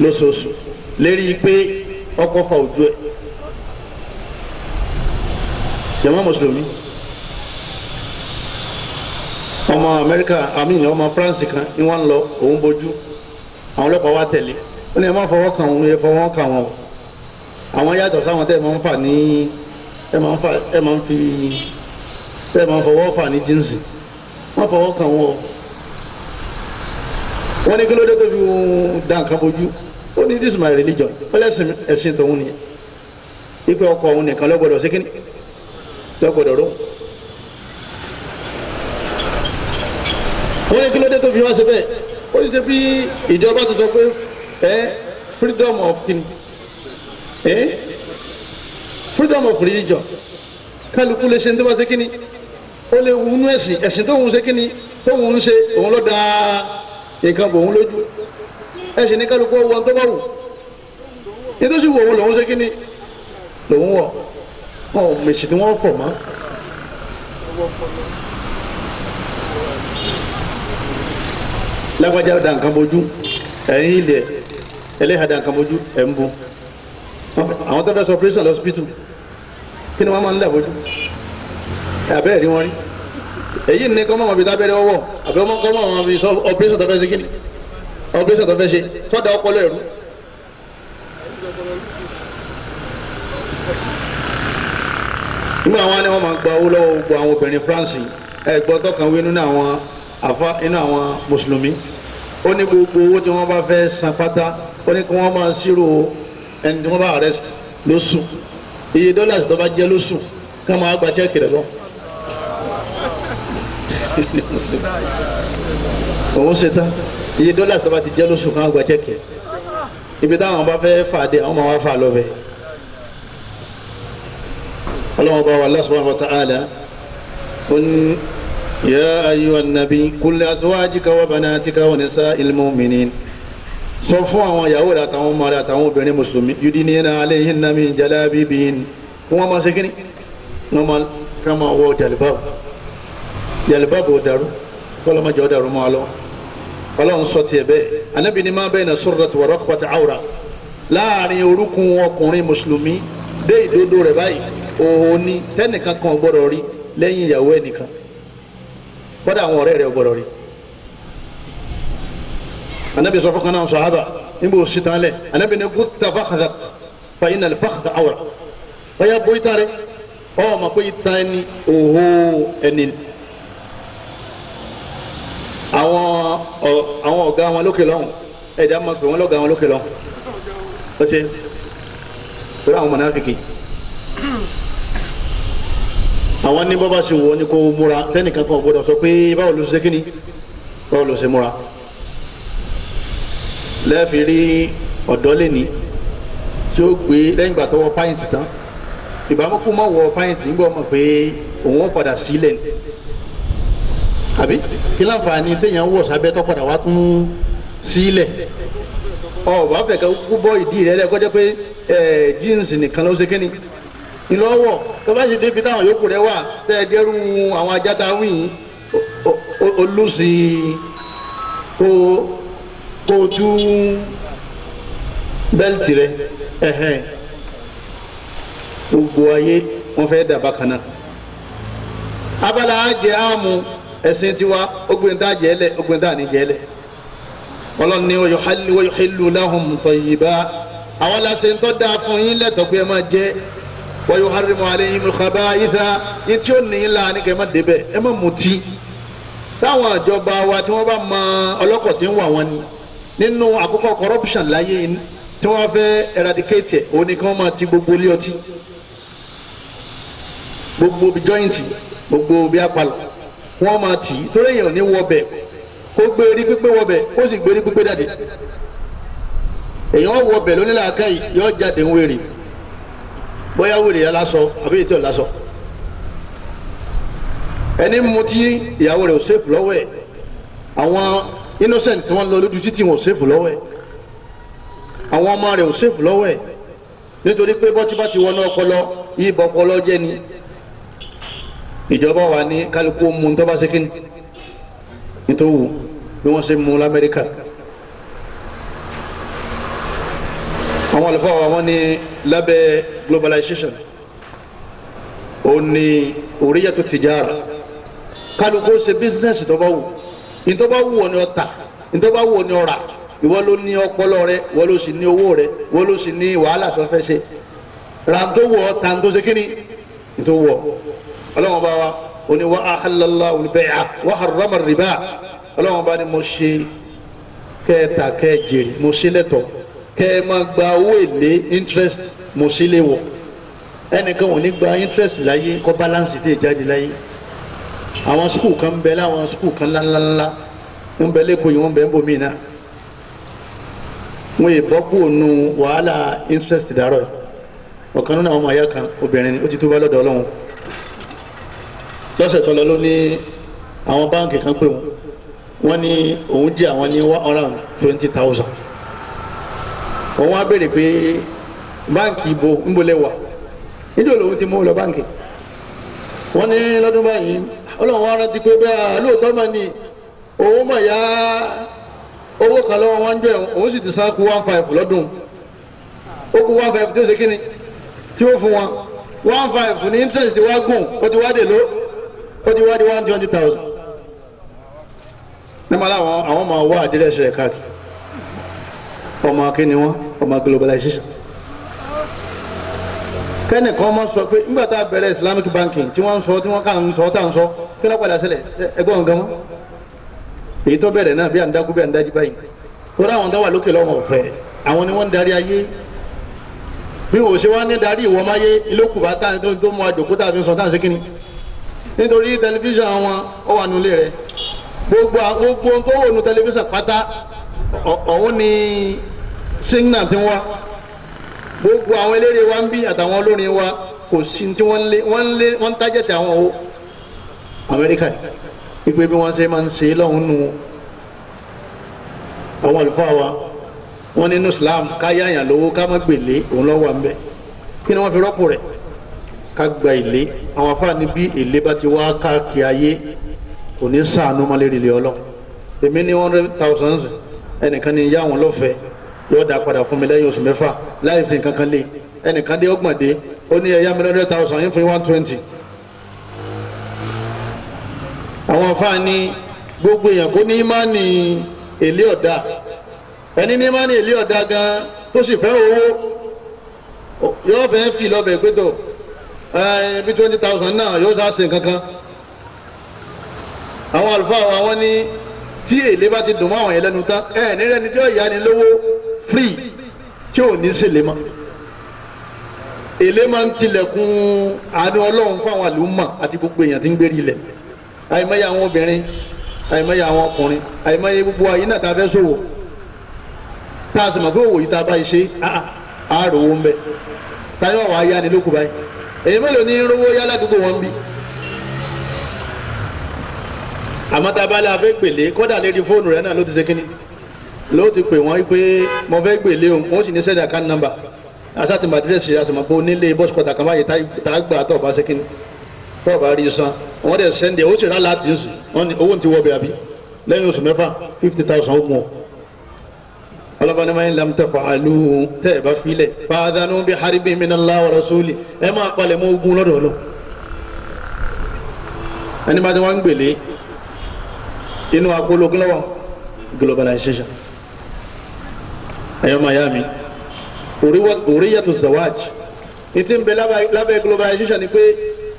lóṣooṣù lérí pé ọkọ̀ ojú ẹ̀. ọmọ amẹ́ríkà àmì ọmọ france kan ni wọ́n ń lọ òun bójú ó ní ẹ má fọwọ́ kàn wọn ẹ fọwọ́ kàn wọn àwọn yàtọ̀ sáwọn tẹ́ ẹ máa ń fà ní ẹ máa ń fà ẹ máa ń fi tẹ́ ẹ máa ń fọwọ́ fà ní jíǹsì má fọwọ́ kàn wọn o wọ́n ní kí ló dé tó fi da nǹkan bójú ó ní this is my religion ó lẹ́sìn ẹ̀sìn tòun nìyẹn ipe ọkọ òun nìkan lọ́gbọ̀dọ̀ sí kíní lọ́gbọ̀dọ̀ ró. wọ́n ní kí ló dé tó fi wá sí ó ní ṣe bí ìjọba ti sọ pé eh, freedom of kin eh, freedom of religion kálukú lè ṣe ní tó bá ṣe kí ni ó lè wunú ẹ̀sìn ẹ̀sìn tó ń ṣe kí ni tó ń ṣe òun ló da nǹkan bò ń lójú ẹ̀sìn ní kálukú ọwọ́ tó bá wù nítòsí wò wọn lòun ṣe kí ni lòun wọ̀ ọ̀ mèsì tí wọ́n pọ̀ mọ́ lágbájá da nǹkan bójú ẹ̀yìn ilẹ̀ ẹlẹ́hàdà nǹkan mojú ẹ̀ ń bu àwọn tó fẹ́ sọ operation lọ́sibítù kí ni wọ́n máa ń dàbójú abẹ́ẹ̀ rí wọn rí èyí ní kọ́ mọ̀mọ́ bí tábẹ́rẹ́ ọwọ́ àbẹ́ ọmọ kọ́ mọ̀mọ́ bí operation tó fẹ́ ṣe kí ni operation tó fẹ́ ṣe sọ́dà ọpọlọ ẹ̀rú. nígbà wọn ni wọn máa gba owó lọ́wọ́ gbogbo àwọn obìnrin France ẹ gbọ́ tọkàn wí nínú àwọn àfa nínú àwọn mùsùlùmí ó ní gbogbo owó tí wọ́n bá fẹ́ san pátá ó ní kí wọ́n máa ṣírò ẹni tí wọ́n bá arrest lóṣù iye dọ́là tó bá jẹ́ lóṣù ká máa gba ṣẹ́ẹ̀kì rẹ̀ lọ. òun ṣe tán iye dọ́là tó bá ti jẹ́ lóṣù ká máa gba ṣẹ́ẹ̀kì rẹ̀ ibi táwọn bá fẹ́ fà dé àwọn máa wá fà lọ́bẹ̀. ọlọ́wọ́n bá wà subhanahu wa ta'ala ó ní. يا أيها النبي كل أزواجك وبناتك ونساء المؤمنين sọ fún àwọn ìyàwó rẹ àtàwọn ọmọ rẹ àtàwọn obìnrin mùsùlùmí yudinina alayhinna min jalabibihin kí wọ́n máa ṣe kíni wọ́n máa fẹ́ máa wọ jàlùbáàbù jàlùbáàbù ọ̀dàrú kọ́lọ́mọjọ́ ọ̀dàrú máa lọ ọlọ́run sọ tiẹ̀ bẹ́ẹ̀ anábì ni máa bẹ́ẹ̀ na surrati wa raqbati awra láàrin orúkún ọkùnrin mùsùlùmí dé ìdodo rẹ̀ báyìí òun ni tẹ́nìkan kan gbọ́dọ̀ rí lẹ́yìn ìyàwó ẹnìkan gbọ́dọ̀ àwọn ọ̀rẹ́ rẹ̀ gbọ́dọ̀ rí anabi sọ fún kanáà sọhábà níbo òsì tán lẹ anabi ní gúta fàkàdà fàyínà fàkàdà awra báyà bó ìta rẹ ọ ma pé ìta ẹni òhó ẹni àwọn àwọn ọ̀gá wọn lókè lọ́hùn ẹ̀dá máa pè wọ́n lọ́gá wọn lókè lọ́hùn ó ṣe pẹ̀lú àwọn mọ̀nàfíkì àwọn ní bọ́bá sì wọ ní kó múra tẹ́nìkan kan gbọ́dọ̀ sọ pé báwo ló ṣe kí báwo ló ṣe múra lẹ́ẹ̀fi rí ọ̀dọ́ lẹ́ni tí ó gbé lẹ́yìn ìgbà tó wọ pàyìntì tán ìbámu kú mọ̀ wọ pàyìntì ń gbọ́ mọ̀ pé òun ó padà sílẹ̀ ni àbí kí láǹfààní téèyàn wọ̀ sábẹ́ tó padà wá tún sílẹ̀ ọ wà á fẹ́ ká kú bọ́ ìdí rẹ lẹ́kọ́ jẹ́ pé jíǹsì nìkan ló ṣe kínní ìlọ́wọ̀ tó bá ṣe débi táwọn yòókù rẹ wà tẹ́ ẹ dẹ́rù àwọn ajáta wíìn olùsìn kó tó tú bẹ́ẹ̀tì rẹ ẹ̀hẹ́n gbogbo ayé wọn fẹ́ dà bákan náà abala ajẹ́ àmú ẹ̀sìn tiwa ogbenda jẹ́lẹ̀ ogbenda ní jẹ́lẹ̀ ọlọ́run ni wọ́n yọ hílù láhùn tọ̀yìnbá àwọn aláṣẹ ń tọ́ da fún yín lẹ́tọ̀ọ́ pé máa jẹ́ wọ́n yọ harimu aleyhim kaba isa yín tí ó nìyín la ni kẹ́ ẹ má débẹ̀ ẹ má mutí táwọn àjọba wa tí wọ́n bá mọ ọlọ́kọ̀ tí ń wà wọ́n ni nínú àkọ́kọ́ corruption láyé tí wọ́n fẹ́ eradicate ẹ̀ òun ni kí wọ́n máa ti gbogbo ilé ọtí gbogbo bí jọ́ìntì gbogbo bí apalọ̀ wọ́n máa tì í torí èèyàn ní wọbẹ̀ kó gbé orí pípé wọbẹ̀ kó sì gbé orí pípé jáde èèyàn wọbẹ̀ lónílà akáyì yọ jáde ń wèrè bóyá wèrè yẹn àbí ètò lásọ ẹni mutí ìyàwó rẹ̀ ò sèpù lọ́wọ́ ẹ̀ àwọn innocent tí wọ́n lọ lójú títì wọn ò sèfù lọ́wọ́ ẹ̀ àwọn ọmọ rẹ̀ ò sèfù lọ́wọ́ ẹ̀ nítorí pé bọ́tí bá ti wọnú ọpọlọ ìbọn ọpọlọ jẹ́ ni ìjọba wa ní kálukú mú un tó bá ṣe kí ni nítorí wù bí wọ́n ṣe mú un lamẹ́ríkà. àwọn àlùfáà wa wọ́n ní lábẹ́ globalization ó oríyàtò tìjára kálukú ṣe business tó wù ntọ́ba wù ọ ni ọ ta ntọ́ba wù ọ ni ọ rà ìwọ ló ní ọpọlọ rẹ ìwọ ló sì ní owó rẹ ìwọ ló sì ní wàhálà tó fẹ́ ṣe ràǹtó wù ọ tàǹtó ṣe kíni ntọ́ wù ọ ọlọ́wọ́n bá wa oní wa ahàlálà olùbẹ̀yà wa harama rìbá ọlọ́wọ́n bá ní mo ṣe kẹta kẹjìrì mo ṣe lẹ́tọ̀ kẹ ẹ máa gba owó èlé interest mo ṣe léwọ̀ ẹnìkan ò ní gba interest láyé kọ́ balance tẹ̀ jáde láyé àwọn sukuu kan bẹ láwọn sukuu kan ńláńláńlá ń bẹ lẹ́kọ̀ọ́ yìí wọ́n bẹ ń bomi náà wọ́n yìí bọ́ kúrò nu wàhálà interest dàrọ̀ ọ̀kan nínú àwọn ọmọ àyà kan obìnrin ó ti tó bá lọ́dọ̀ ọlọ́run lọ́sẹ̀ tó ló ní àwọn báǹkì kan pè wọ́n wọ́n ní òun jẹ́ àwọn ní one hundred twenty thousand òun wá béèrè pé báǹkì ibo ńbọlẹ̀ wà nídìí olóhùn ti mú lọ báǹkì wọ́n ní lọ́dún báyìí ọlọ́run wa rántí pé bẹ́ẹ̀ lóòótọ́ mà ní òun mà yá owó kan lọ́wọ́ wọn jẹ́ òun sì ti sá kú one five lọ́dún ó kú one five tí ó ṣe kí ni tí ó fún wọn one five ní interest ti wá gùn ó ti wá dè ló ó ti wá di one twenty thousand nígbà láwọn àwọn máa wá àdírẹ́sì rẹ̀ káàkiri ọmọ akíní wọn ọmọ globalization. kẹ́nìkan máa sọ pé nígbà tá a bẹ̀rẹ̀ islamic banking tí wọ́n ń sọ tí wọ́n kà ń sọ tá à ń sọ kí ló padà sílẹ̀ ẹgbẹ́ wọn gan mọ́ èyí tó bẹ̀rẹ̀ náà bí à ń dákú bí à ń dájú báyìí tó wà ni wọ́n ń darí ayé bí wò ṣe ní darí tá tó mú a sọ tá à ń nítorí gbogbo àwọn eléré wa ń bí àtàwọn olórin wa kò sí tí wọ́n lé wọ́n lé wọ́n tájẹ̀tì àwọn o amẹ́ríkà ìpè bí wọ́n ṣe máa ń ṣe lọ́hùn nù àwọn àlùfáà wa wọ́n nínú islam ká yáyàn lówó ká má gbèlé òun lọ́wọ́ à ń bẹ̀ kí ni wọ́n fi rọ́pò rẹ̀ ká gba èlé àwọn afáà ní bí èlé bá ti wá káàkiri ayé kò ní sàánú mọ́lẹ́rìí ọlọ́ èmi ní one hundred thousand ẹnìkan ní yá àwọn lọ́fẹ̀ẹ́ yóò da, padà fún mi lẹ́yìn oṣù mẹ́fà láì fi nǹkan kan lé ẹnìkan dé ọgbọ̀n dé ó ní ẹ̀yà mi lọ́dọ̀ thousand yín fún one twenty. àwọn afáà ní gbogbo èèyàn kó ní ìmánì èlé ọ̀dà ẹni ní ìmánì èlé ọ̀dà gan tó sì fẹ́ owó yóò fẹ́ fi lọ́bẹ̀ gbẹ́dọ̀ bí twenty thousand náà yóò sá sí nǹkan kan. àwọn àlùfáà wa wọ́n ní tí èlé bá ti dùn mọ́ àwọn yẹn lẹ́nu tán ẹ̀ nílẹ̀ ni tí ó yá ni lówó free tí ò ní ṣẹlẹ̀ mọ́ èlé máa ń tilẹ̀kùn àánú ọlọ́run fáwọn àlùmọ̀ àti gbogbo èèyàn tí ń gbérí ilẹ̀ àìmọye àwọn obìnrin àìmọye àwọn ọkùnrin àìmọye gbogbo ayé náà tá a fẹ́ ṣòwò tá a sì mọ̀ pé òwò yìí tá a bá ṣe àárò owó ń bẹ táyọ̀ wà á yá ni lókù báyìí èyí mélòó ní rówó yá ládùúgbò wọn bí. àmọ́ tá a bá lè afẹ́ gbèlé kọ́dà lérí fóònù rẹ̀ náà ló ti ṣe kínní ló ti pè wọ́n pé mo fẹ́ gbèlé o wọ́n sì ní sẹ́dí àkáńtì nọ́mbà àti àdírẹ́sì àtìmọ̀ pé onílé bọ́sù kọ́tà a gbà tọ̀ bá ṣe kíni tọ́ bá rí owó ti wọ́ bẹ̀ àbí lẹ́yìn oṣù mẹ́fà fifty thousand ó mú ọ. lam tẹ̀ fàálù tẹ̀ bá filẹ̀ fàdánù bí haribi minallah wa rasuli ẹ máa palẹ̀ mọ́ ogun Ayo miami oríyàtò zawaj ní ti ń bẹ lábẹ́ globalization ni pé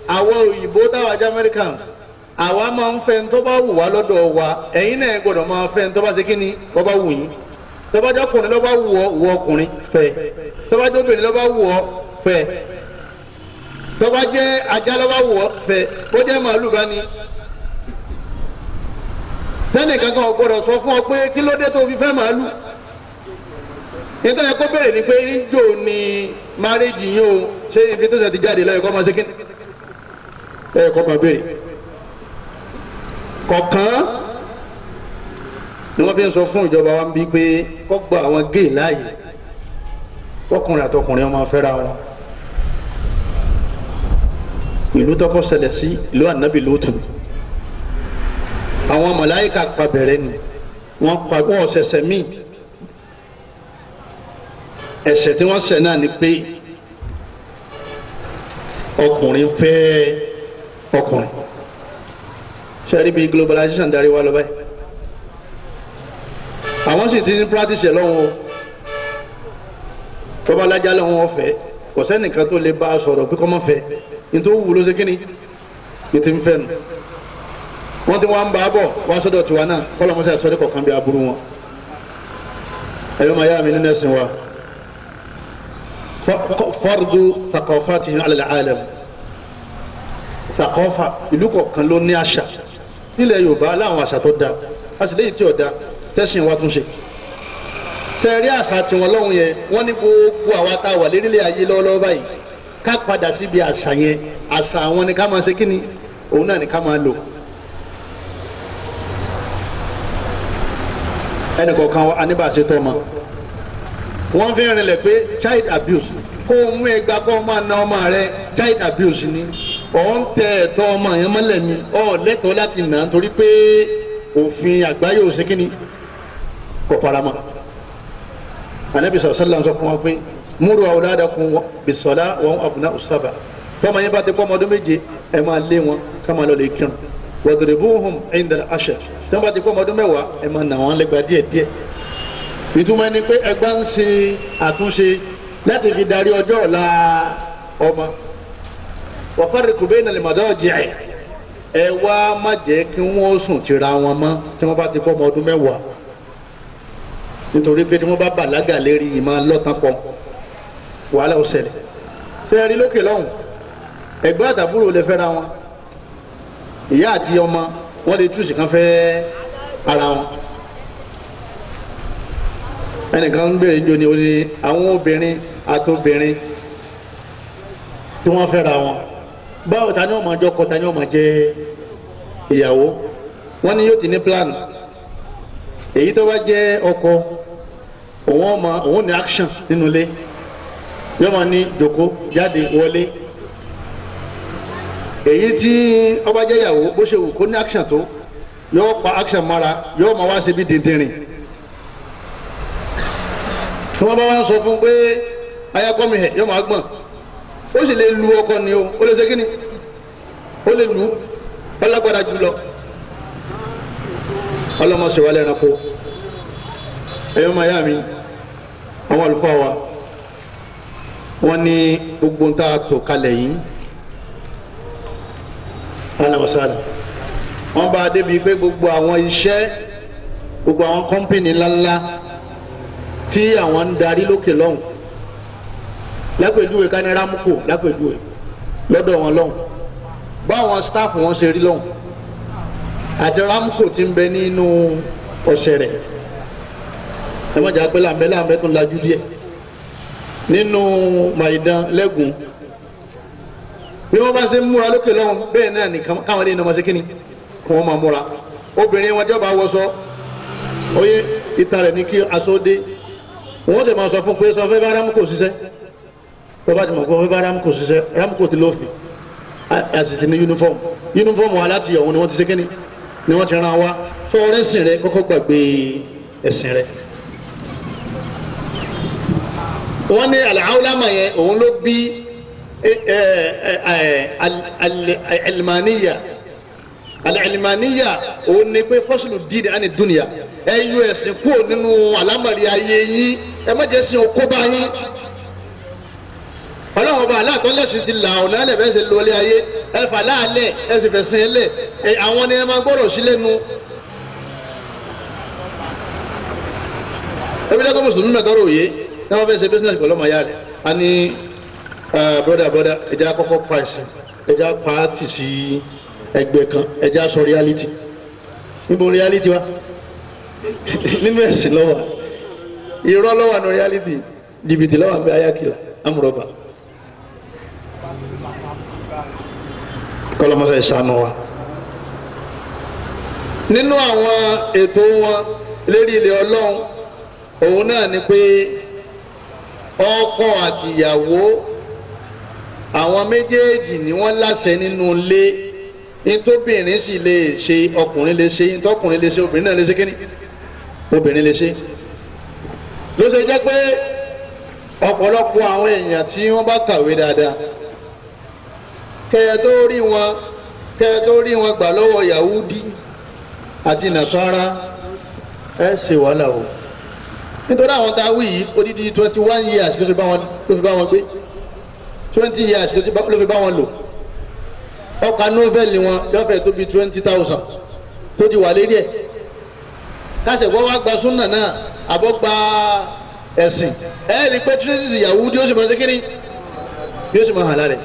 àwọn òyìnbó táwọn ajá americans àwa máa ń fẹ́ tó bá wù wá lọ́dọ̀ wa ẹ̀yin náà gbọ́dọ̀ máa fẹ́ tó bá ṣe kí ni wọ́n bá wù yín tó bá jẹ́ ọkùnrin ló bá wù ọ́ wù ọkùnrin fẹ́ tó bá jẹ́ obìnrin ló bá wù ọ́ fẹ́ tó bá jẹ́ ajá ló bá wù ọ́ fẹ́ bó jẹ́ màálù bá ní. sẹ́nì ò gbọ́dọ̀ sọ fún ọ pé kí tó fi fẹ́ màálù nítorí ẹ kó béèrè ni pé níjó ni márẹ́jì yín o ṣé ibi tó ṣe ti jáde lọ́yẹ̀ kọ́ máa ṣe kí ẹ kọ́ máa béèrè kọ̀ọ̀kan ni wọ́n fi ń sọ fún ìjọba wa ń bí pé kọ́ gba àwọn géè láàyè ọkùnrin àtọkùnrin ọmọ afẹ́ra wọn ìlú tọkọ ṣẹlẹ̀ sí ìlú ànábì lótùn àwọn màláíkà pa bẹ̀rẹ̀ ni wọ́n pa wọ́n ṣẹ̀ṣẹ̀ míì ẹ̀ṣẹ̀ tí wọ́n ṣẹ̀ náà ni pé ọkùnrin fẹ́ ọkùnrin sẹ́rí bíi globalization darí wa lọ báyìí àwọn sì ti ní practice ẹ̀ lọ́wọ́ tọ́balájà lọ́wọ́ ọ̀fẹ́ kò sẹ́nìkan tó lè bá a sọ̀rọ̀ pé kọ́ mọ́ fẹ́ nítorí wúlò sí kínní ètò ìfẹ́ nu wọ́n ti wọ́n bá a bọ̀ wọ́n sọ́dọ̀ tiwa náà kọ́lọ́mọ́sí àsọ́dẹ́kọ̀ọ́ kan bí aburú wọn ẹ̀yọ́ màá yá mi nínú ẹ̀sìn wa fardu thaqafatihim ala alam thaqafa ìlú kọ̀ọ̀kan ló ní àṣà nílẹ̀ yorùbá láwọn àṣà tó da a sì léyìí tí ò da tẹ́sìn wa tún ṣe tẹ̀rí àṣà tiwọn lọ́hùn yẹn wọ́n ní gbogbo àwa tá a wà lérílẹ̀ ayé lọ́wọ́lọ́wọ́ báyìí ká padà síbi àṣà yẹn àṣà àwọn ni ká máa ṣe kíni òun náà ni ká máa lò. ẹnì kọ̀ọ̀kan wa aníbàṣetọ́ ma wọ́n fi rinlẹ̀ pé child abuse kó o mú ẹgbàá kó o máa na ọmọ rẹ child abuse ni ọ̀ ń tẹ ẹ̀tọ́ ọmọ yẹn mọ́lẹ̀ ni ọ̀ lẹ́tọ̀ọ́ láti nà á torí pé òfin àgbáyé òsè kínní kò faramọ́. anabi sọ̀rọ̀ sọ́lá ń sọ fún wa pé múru awladakum bisọ̀lá wọn àbùnà ọ̀sábà tọ́mọ yẹn bá ti kọ́ ọmọdún méje ẹ máa lé wọn ká máa lọ lè kírun wadribuhum inda al-ashr tọ́mọ bá ti kọ́ ọmọdún mẹ́wàá ẹ máa nà wọn lẹ́gbàá díẹ̀díẹ̀ ìtumọ̀ ni pé ẹgbẹ́ ń ṣe àtúnṣe láti fi darí ọjọ́ ọ̀la ọmọ wàfárí kò bẹ́ẹ̀ nàlẹ́mọ̀dọ́ jẹ́ ẹ wá má jẹ́ kí wọ́n sùn tìra wọn mọ́ tí wọ́n bá ti fọ́ ọmọ ọdún mẹ́wàá nítorí pé tí wọ́n bá bàlágà lérí ìmọ̀ lọ́tàn pọ̀ wàhálà ó ṣẹlẹ̀ ṣe é rí lókè lọ́hùn ẹ̀gbọ́n àtàbúrò lè fẹ́ra wọn ìyá àti ọmọ wọ́n lè túùsì kan fẹ́ ara wọn ẹnìkan ń bèrè jò ní o ní àwọn obìnrin àtobìnrin tí wọ́n fẹ́ra wọn báwo ta ni wọ́n máa jọ kọ ta ni wọ́n máa jẹ ìyàwó wọ́n ní yóò ti ní plan èyí tó bá jẹ́ ọkọ òun ọmọ òun ní action nínú ilé yóò máa ní jòkó jáde wọlé èyí tí ọba jẹ́ ìyàwó bó ṣe wù kó ní action tó yóò pa action mọ́ra yóò máa wá síbi dìndìnrìn tí wọ́n bá wá sọ fún pé ayakọ́ mi hẹ̀ yọ máa gbọ̀n ó sì lè lu ọkọ ni o ó lè ṣe kíni ó lè lu ọlọ́gbàdà jùlọ ọlọ́mọṣẹ́wálẹ̀ ẹranko ẹ̀yọ́ máa yá mi àwọn àlùfáà wa wọ́n ní gbogbo ń tá a kalẹ̀ yìí alamisala wọ́n bá a débi pé gbogbo àwọn iṣẹ́ gbogbo àwọn kọ́ńpìnì ńláńlá tí àwọn ń darí lókè lọ́hùn lápèjúwe kání rámùkò lápèjúwe lọ́dọ̀ wọn lọ́hùn báwọn staff wọn ṣe rí lọ́hùn àti rámùkò ti ń bẹ nínú ọ̀sẹ̀ rẹ̀ ẹ má jà pé làǹbẹ́ làǹbẹ́ tó ń lajú díẹ̀ nínú màìdán lẹ́gùn bí wọ́n bá ṣe ń múra lókè lọ́hùn bẹ́ẹ̀ náà ní káwọn lè nà ọmọ sí kínní kí wọ́n máa múra obìnrin wọn jọba wọṣọ oyè ìtàn rẹ̀ ní kí aṣọ dé wọ́n sì máa sọ fún pé sọ fẹ́ bá rámkò ṣiṣẹ́ wọ́n bá ti mọ̀ pé wọ́n fẹ́ bá rámkò ṣiṣẹ́ rámkò ti lófin àṣìṣe ní yunifọ́ọ̀mù yunifọ́ọ̀mù aláti ọ̀hún ni wọ́n ti ṣe kíni ni wọ́n ti ran wa fọ́ọ̀rẹ́ ẹ̀sìn rẹ kọ́kọ́ gbàgbé ẹ̀sìn rẹ. wọ́n ní alahawulama yẹn òun ló bí alimaniya alimaniya òun ni pé fọ́sùlù dídì á ní dúnìyà ẹ yọ ẹ̀sìn kúrò nínú àlámọ̀rí ayé yín ẹ má jẹ́ sin okó bá yín ọlọ́run ọba aláàtọ́ lẹ́sìn ti là ọ̀nà ẹlẹ́ fẹ́ ṣe lọlé ayé ẹfà láàlẹ̀ ẹsìn fẹ̀sìn ẹlẹ̀ àwọn ni ẹ máa gbọ́dọ̀ sí lẹ́nu. ebi dẹ́gbẹ́ mùsùlùmí náà tọrọ òye náà wọ́n fẹ́ ṣe bísíǹnẹ̀sì pẹ̀lú ọmọ ya rẹ̀ a ní broda broda ẹja kọ́kọ́ pa ẹja pa sí ẹgbẹ́ kan ẹja sọ reality níbo reality wa nínú ẹ̀sìn lọ́wọ́ irọ́ lọ́wọ́ àná reality jìbìtì lọ́wọ́ àbẹ́ ayákìlá amúrọ̀bà. kọ́lọ́mọsẹ̀ ìṣàánú wa. nínú àwọn ètò wọn lérí ilé ọlọ́run òun náà ni pé ọkọ àtìyàwó àwọn méjèèjì ni wọ́n láṣẹ nínú ilé nítòbìnrin sì lè ṣe ọkùnrin lè ṣe nítòkùnrin lè ṣe obìnrin náà lè ṣe kíni obìnrin lè ṣe ló ṣe jẹ́ pé ọ̀pọ̀lọpọ̀ àwọn èèyàn tí wọ́n bá kàwé dáadáa kẹ́ẹ̀ tó rí wọn kẹ́ẹ̀ tó rí wọn gbà lọ́wọ́ Yahudi àti Nasara ẹ ṣe wàhálà o nítorí àwọn tá a wí yìí odidi twenty one years ló fi bá wọn ló fi bá wọn gbé twenty years ló fi bá wọn lò ọkà nọ́vẹ́lì wọn yọ̀ọ́fẹ́ tó twenty thousand tó ti wà lérí ẹ̀ káṣẹ̀ wọ́n wá gba súnà náà àbọ̀ gba ẹ̀sìn ẹ̀ rí pé tírẹ́sìtì ìyàwó yóò sì máa ṣe kíni yóò sì máa hàn lára ẹ̀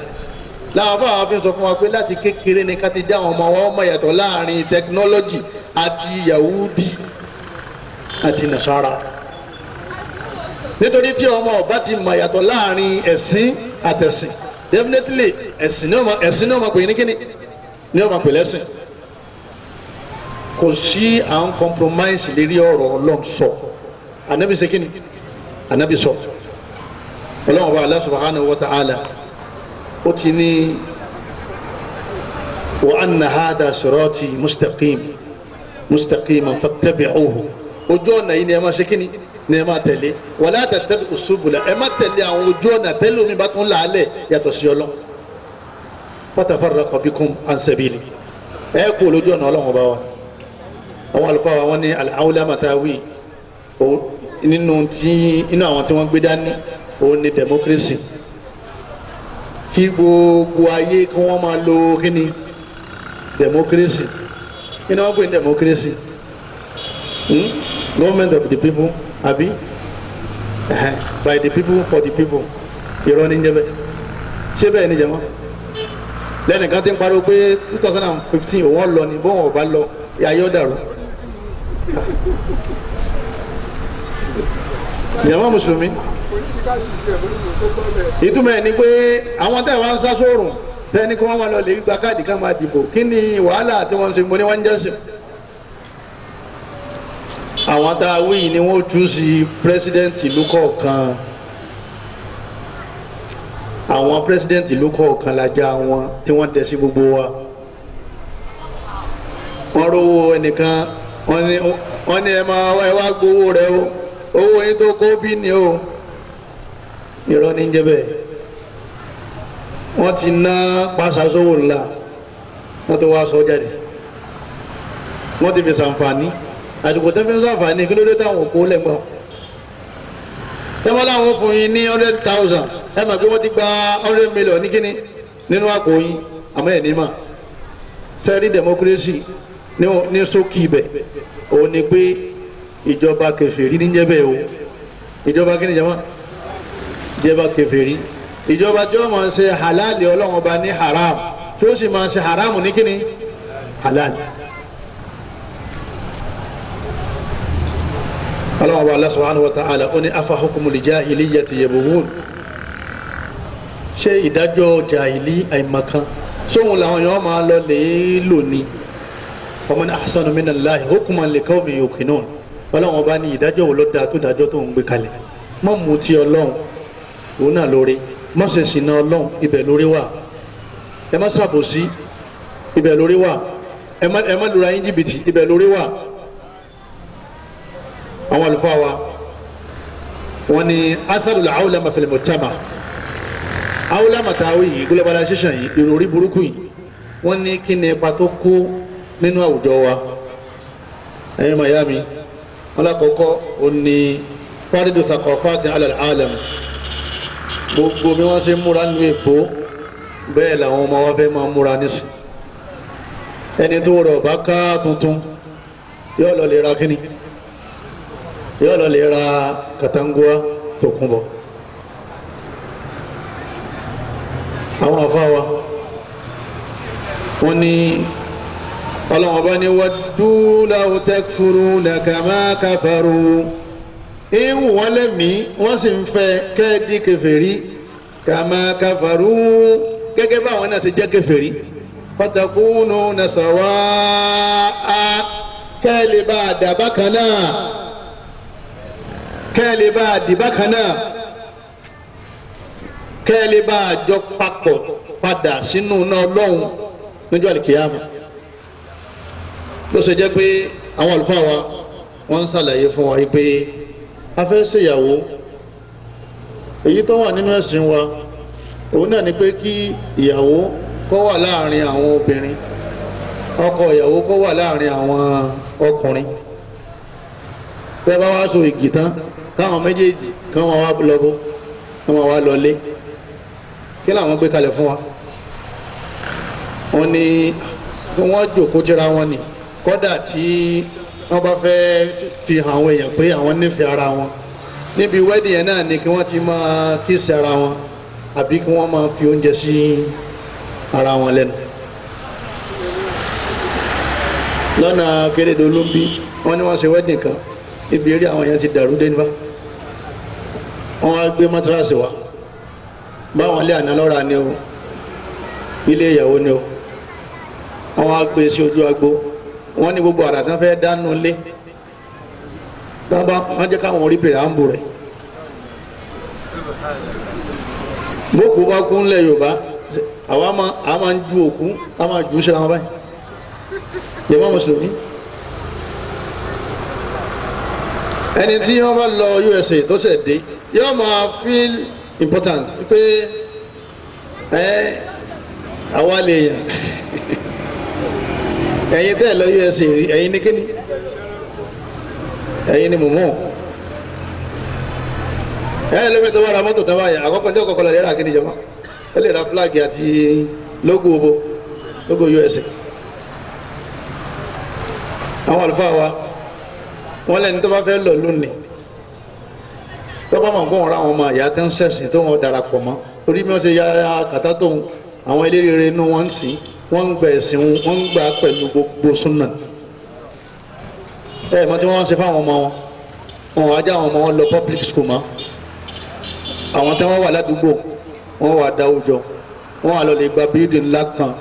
láwọn afọ àwọn afin sọ fún wa pé láti kékeré ni ká ti dá àwọn ọmọ wa ọmọ yàtọ̀ láàrin tẹkinọ́lọ́jì àti Yahudi àti Nasara nítorí tí ọmọ ọba ti mọ yàtọ̀ láàrin ẹ̀sìn àtẹ̀sìn definitely ẹ̀sìn ni ọmọ pè ní kíni ni ọmọ pè lẹ́sìn kò sí à ń compromise lérí ọ̀rọ̀ ọlọ́run sọ anabi sekini anabi sọ ọlọ́run ọba Allah subhanahu wa ta'ala ó ti ní wa anna hada sirati mustaqim mustaqiman fattabi'uhu ojú ọ̀nà yìí ni ẹ máa sekini ni ẹ máa tẹ̀lé wala tattabi'u subula ẹ máa tẹ̀lé àwọn ojú ọ̀nà tẹ́lẹ̀ omi bá tún làálẹ̀ yàtọ̀ sí ọlọ́run fatafarraqa bikum an sabili ẹ kú olójú ọ̀nà ọlọ́run ọba wa àwọn àlùfáà wọn ní al-awlamatawi nínú tí inú àwọn tí wọ́n gbé dání òun ni democracy kí gbogbo ayé kí wọ́n máa lo kíni democracy kí ni wọ́n ní democracy hmm? government of the people àbí uh by the people for the people irọ́ ní jẹ́bẹ̀ ṣé bẹ́ẹ̀ ni jẹ́ wọ́n lẹ́nìkan ti ń pariwo pé two thousand and fifteen òun ọ̀ lọ ni bóun ọ̀ bá lọ ayé ọ̀dàrú ìyàwó mùsùlùmí ìtumọ̀ ẹ̀ ni pé àwọn tẹ̀ wọ́n ń sá sóòrùn tẹ́ni kí wọ́n máa lọ lè gba káàdì ká máa dìbò kí ni wàhálà tí wọ́n ń ṣe mo ní wọ́n ń jẹ́sìn. àwọn tá a wí yìí ni wọ́n tú sí pírẹ́sídẹ́ǹtì ìlú kọ̀ọ̀kan àwọn pírẹsidẹ́ǹtì ló kọ́ ọ̀kan lajá wọn tí wọ́n tẹ̀ sí gbogbo wa. wọ́n rówó ẹnìkan wọ́n ní ẹ awa wá ẹ wá gbowó rẹ o owó yín tó kó bí ni o irọ́ ní jẹ́ bẹ́ẹ̀ wọ́n ti ná pàṣásówò ńlá wọ́n tó wá sọ jáde wọ́n ti fi sànfàní àdìgbò tó fi kí ló dé táwọn òkú thousand ẹ gba hundred million ní kíni nínú àpò yín àmọ́ ẹ̀ ní ṣókí ibẹ̀ òun ni pé ìjọba kèfèrí ní jẹ́bẹ̀ o ìjọba kí ni jẹ́ wọn jẹba kèfèrí ìjọba tí wọ́n máa ń ṣe halali ọlọ́run ọba ní haram tí ó sì máa ń ṣe haram ní kíni halal. ọlọ́run ọba Allah subhanahu wa ta'ala ó ní afa hukumul jahiliyyati yabghun ṣé ìdájọ́ jahili àìmọ̀kan sóhun làwọn yẹn wọ́n máa lọ lè lò ní. ومن أحسن من الله حكما لقوم يوقنون ọlọ́run ọba ní ìdájọ́ wo ló dáa tó dájọ́ tó ń gbé kalẹ̀ má mú ti ọlọ́run òun náà lórí má ṣe ṣìnà ọlọ́run ibẹ̀ lórí wà ẹ má ṣàbòsí ibẹ̀ lórí wà ẹ má lura yín jìbìtì ibẹ̀ lórí wà. àwọn àlùfáà wa wọn ni asalu la awula ma fẹlẹ mọ tama awula ma ta awi yìí globalization yìí ìròrí burúkú yìí wọn ní kí ni ipa tó kó nínú àwùjọ wa ẹ̀yin miami ọlákọ̀ọ́kọ́ ò ní fárídù sàkọ̀fáàtì alẹ́ àlẹ́m gbogbo bí wọ́n ṣe múra nínú èkó bẹ́ẹ̀ làwọn ọmọ wa fẹ́ máa múra nísìn ẹni tó rọ̀ bá ká tuntun yóò lọ lè ra kíni yóò lọ lè ra kàtàngúwa tó kún bọ̀ àwọn àfa wa wọ́n ní ọlọ́wọ́n bá ní wàdú làwọn tẹ́kùrú làkàmá káfàrú ìhùn wọn lẹ́mìí wọ́n sì ń fẹ́ kẹ́ẹ̀dì kẹfẹ́rí kàmá káfàrú gẹ́gẹ́ báwọn náà ti jẹ́ kẹfẹ́rí fatakunu nasawa a kẹ́ẹ̀lì bá àdàbà kan náà kẹ́ẹ̀lì bá àdìbà kan náà kẹ́ẹ̀lì bá àjọ papọ̀ padà sínú náà lọ́hùn lójú àlìkìyàmù ló ṣe jẹ́ pé àwọn àlùfáà wa wọ́n ń ṣàlàyé fún wa pé a fẹ́ ṣèyàwó èyí tó wà nínú ẹ̀sìn wa òun náà ni pé kí ìyàwó kó wà láàrin àwọn obìnrin ọkọ ìyàwó kó wà láàrin àwọn ọkùnrin tẹ́ bá wá so ìgì tán káwọn méjèèjì kí wọ́n wá lọ́bọ̀ kí wọ́n wá lọlé kí làwọn gbé kalẹ̀ fún wa wọ́n ní wọ́n jòkó jẹ́ra wọn ni. Boda tí wọn bá fi hàn àwọn èèyàn pé àwọn nífẹ̀ẹ́ ara wọn níbi wẹ́dì yẹn náà ni kí wọ́n ti máa kíìsì ara wọn àbí kí wọ́n máa fi oúnjẹ sí ara wọn lẹ́nu. lọ́nà kérédolú bí wọn ni wọ́n ṣe wẹ́dì kan ibi eré àwọn èèyàn ti dàrú dé nípa wọ́n á gbé mọ́tírasì wá báwọn àná lọ́ra ni o ilé ìyàwó ni o á gbé sí agbo. wọ́n ní gbogbo àrà tí wọ́n fẹ́ dánú lé wọ́n jẹ́ káwọn orí pèrè à ń bò rẹ̀. bókù bá kún lẹ̀ yorùbá àwa máa ń ju òkú a máa jù ú síra wọn báyìí yẹ̀mọ́ mùsùlùmí. ẹni tí wọ́n bá lọ USA tó ṣẹ̀ dé yóò máa feel important pé ẹ àwa lè yàn. *laughs* ẹ̀yin tẹ́ ẹ lọ usa rí ẹ̀yin ní kíni ẹ̀yin ní mùmú ẹ̀yin lómi tó bá ra mọ́tò tó bá yà àkọ́kọ́ ní ọ̀kọ̀ọ̀kọ̀ lọ́ọ́ yẹ́ra kíni jọba ó lè ra fúláàgì àti lógo owó lógo usa àwọn àlùfáà wa wọ́n lẹ́ni tó bá fẹ́ lọ lónìí tó bá mọ̀ gbọ́n ra àwọn ọmọ àyà tó ń ṣẹ̀sìn tó wọn darapọ̀ mọ́ orí mi wọ́n ṣe yára kàtà tó àwọn eléré inú wọn sìn wọ́n ń gba ẹ̀sìn wọ́n ń gbà pẹ̀lú gbogbo súnà ẹ̀ mọ́tí wọ́n ṣe fáwọn ọmọ wọn wọn ajá àwọn ọmọ wọn lọ public school mọ́ àwọn tí wọ́n wà ládùúgbò wọ́n wà dáwùjọ wọ́n wà lọ lè gba bíídì ńlá kan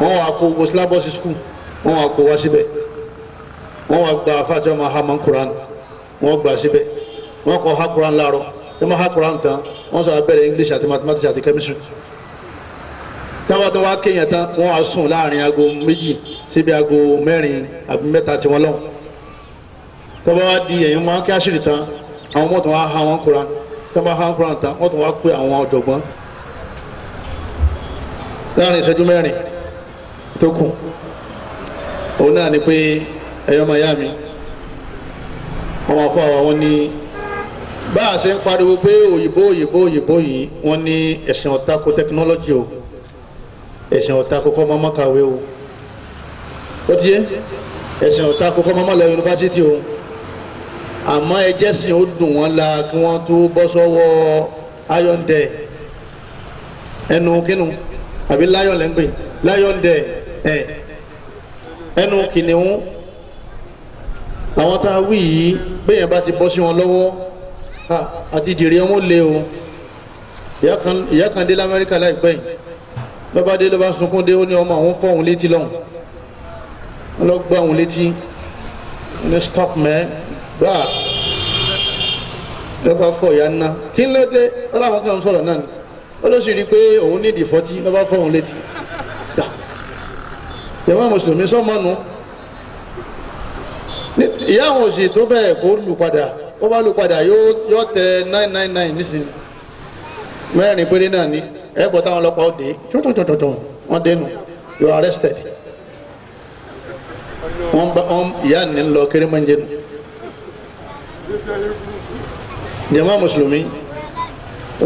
wọ́n wà kó gbogbo sílábọ̀sì school wọ́n wà kó wá síbẹ̀ wọ́n wà gba afáàjọ máa ha kuran wọ́n gbà síbẹ̀ wọ́n kọ́ ha kuran láàárọ̀ tí wọ́n ha kuran tán wọ́n sọ abẹ́rẹ́ English àti mathematics àti chemistry táwọn tó wá kéèyàn tán wọ́n wá sùn láàrin aago méjì síbi aago mẹ́rin àbí mẹ́ta tí wọ́n lọ tọ́ba wá di ẹ̀yìn wọn kí àṣírí tán àwọn ọmọ tó wá ha wọn kura tọ́ba ha wọn kura tán wọ́n tó wá pé àwọn ọ̀jọ̀gbọ́n láàrin ìṣẹ́jú mẹ́rin tó kù òun náà ni pé ẹ̀yọ́ ọmọ ìyá mi ọmọ ọkọ wọn ní bá a ṣe ń pariwo pé òyìnbó òyìnbó òyìnbó yìí wọ́n ní ẹ̀sìn ọ̀tako tẹkinọ́lọ́jì o ẹ̀sìn ọ̀tá kọ́kọ́ máa má kàwé o ó ti yé ẹ̀sìn ọ̀tá kọ́kọ́ máa má yunifásitì o àmọ́ ẹjẹ́ sìn ó dùn wọ́n la kí wọ́n tó bọ́ sọ́wọ́ ayọ̀ǹdẹ̀ ẹnu kínú àbí láyọ̀ lẹ́ńgbẹ̀ láyọ̀ǹdẹ̀ ẹ̀ ẹnu kìnìún àwọn tá a wí yìí bẹ́ẹ̀ bá ti bọ́ sí wọn lọ́wọ́ àti ìdìrí ọmọ lé o ìyá kan dé lamẹ́ríkà láìpẹ́ yìí bàbá dé ló bá sunkún dé ó ní ọmọ àwọn fọ́ òun létí lọ́hùn wọn lọ gbọ́ òun létí ní stop mẹ́ gbà ló bá fọ́ ìyá ńná kí ló dé ó láwọn kan sọ̀rọ̀ náà ni ó ló sì rí i pé òun nídìí fọ́tí ló bá fọ́ òun létí ìyàwó mùsùlùmí sọ́mọ́nu ìyá àwọn òsì tó bẹ́ẹ̀ kó lù padà ó bá lù padà yóò tẹ nine nine nine nísìnyí mẹ́rin péré náà ni ẹ gbọ́ táwọn ọlọ́pàá ọ̀dẹ́ tọ̀tọ̀tọ̀tọ̀ wọ́n dẹnu you are arrested wọ́n bá wọ́n ìyá ni lọ kéré máa ń jẹnu. jama mùsùlùmí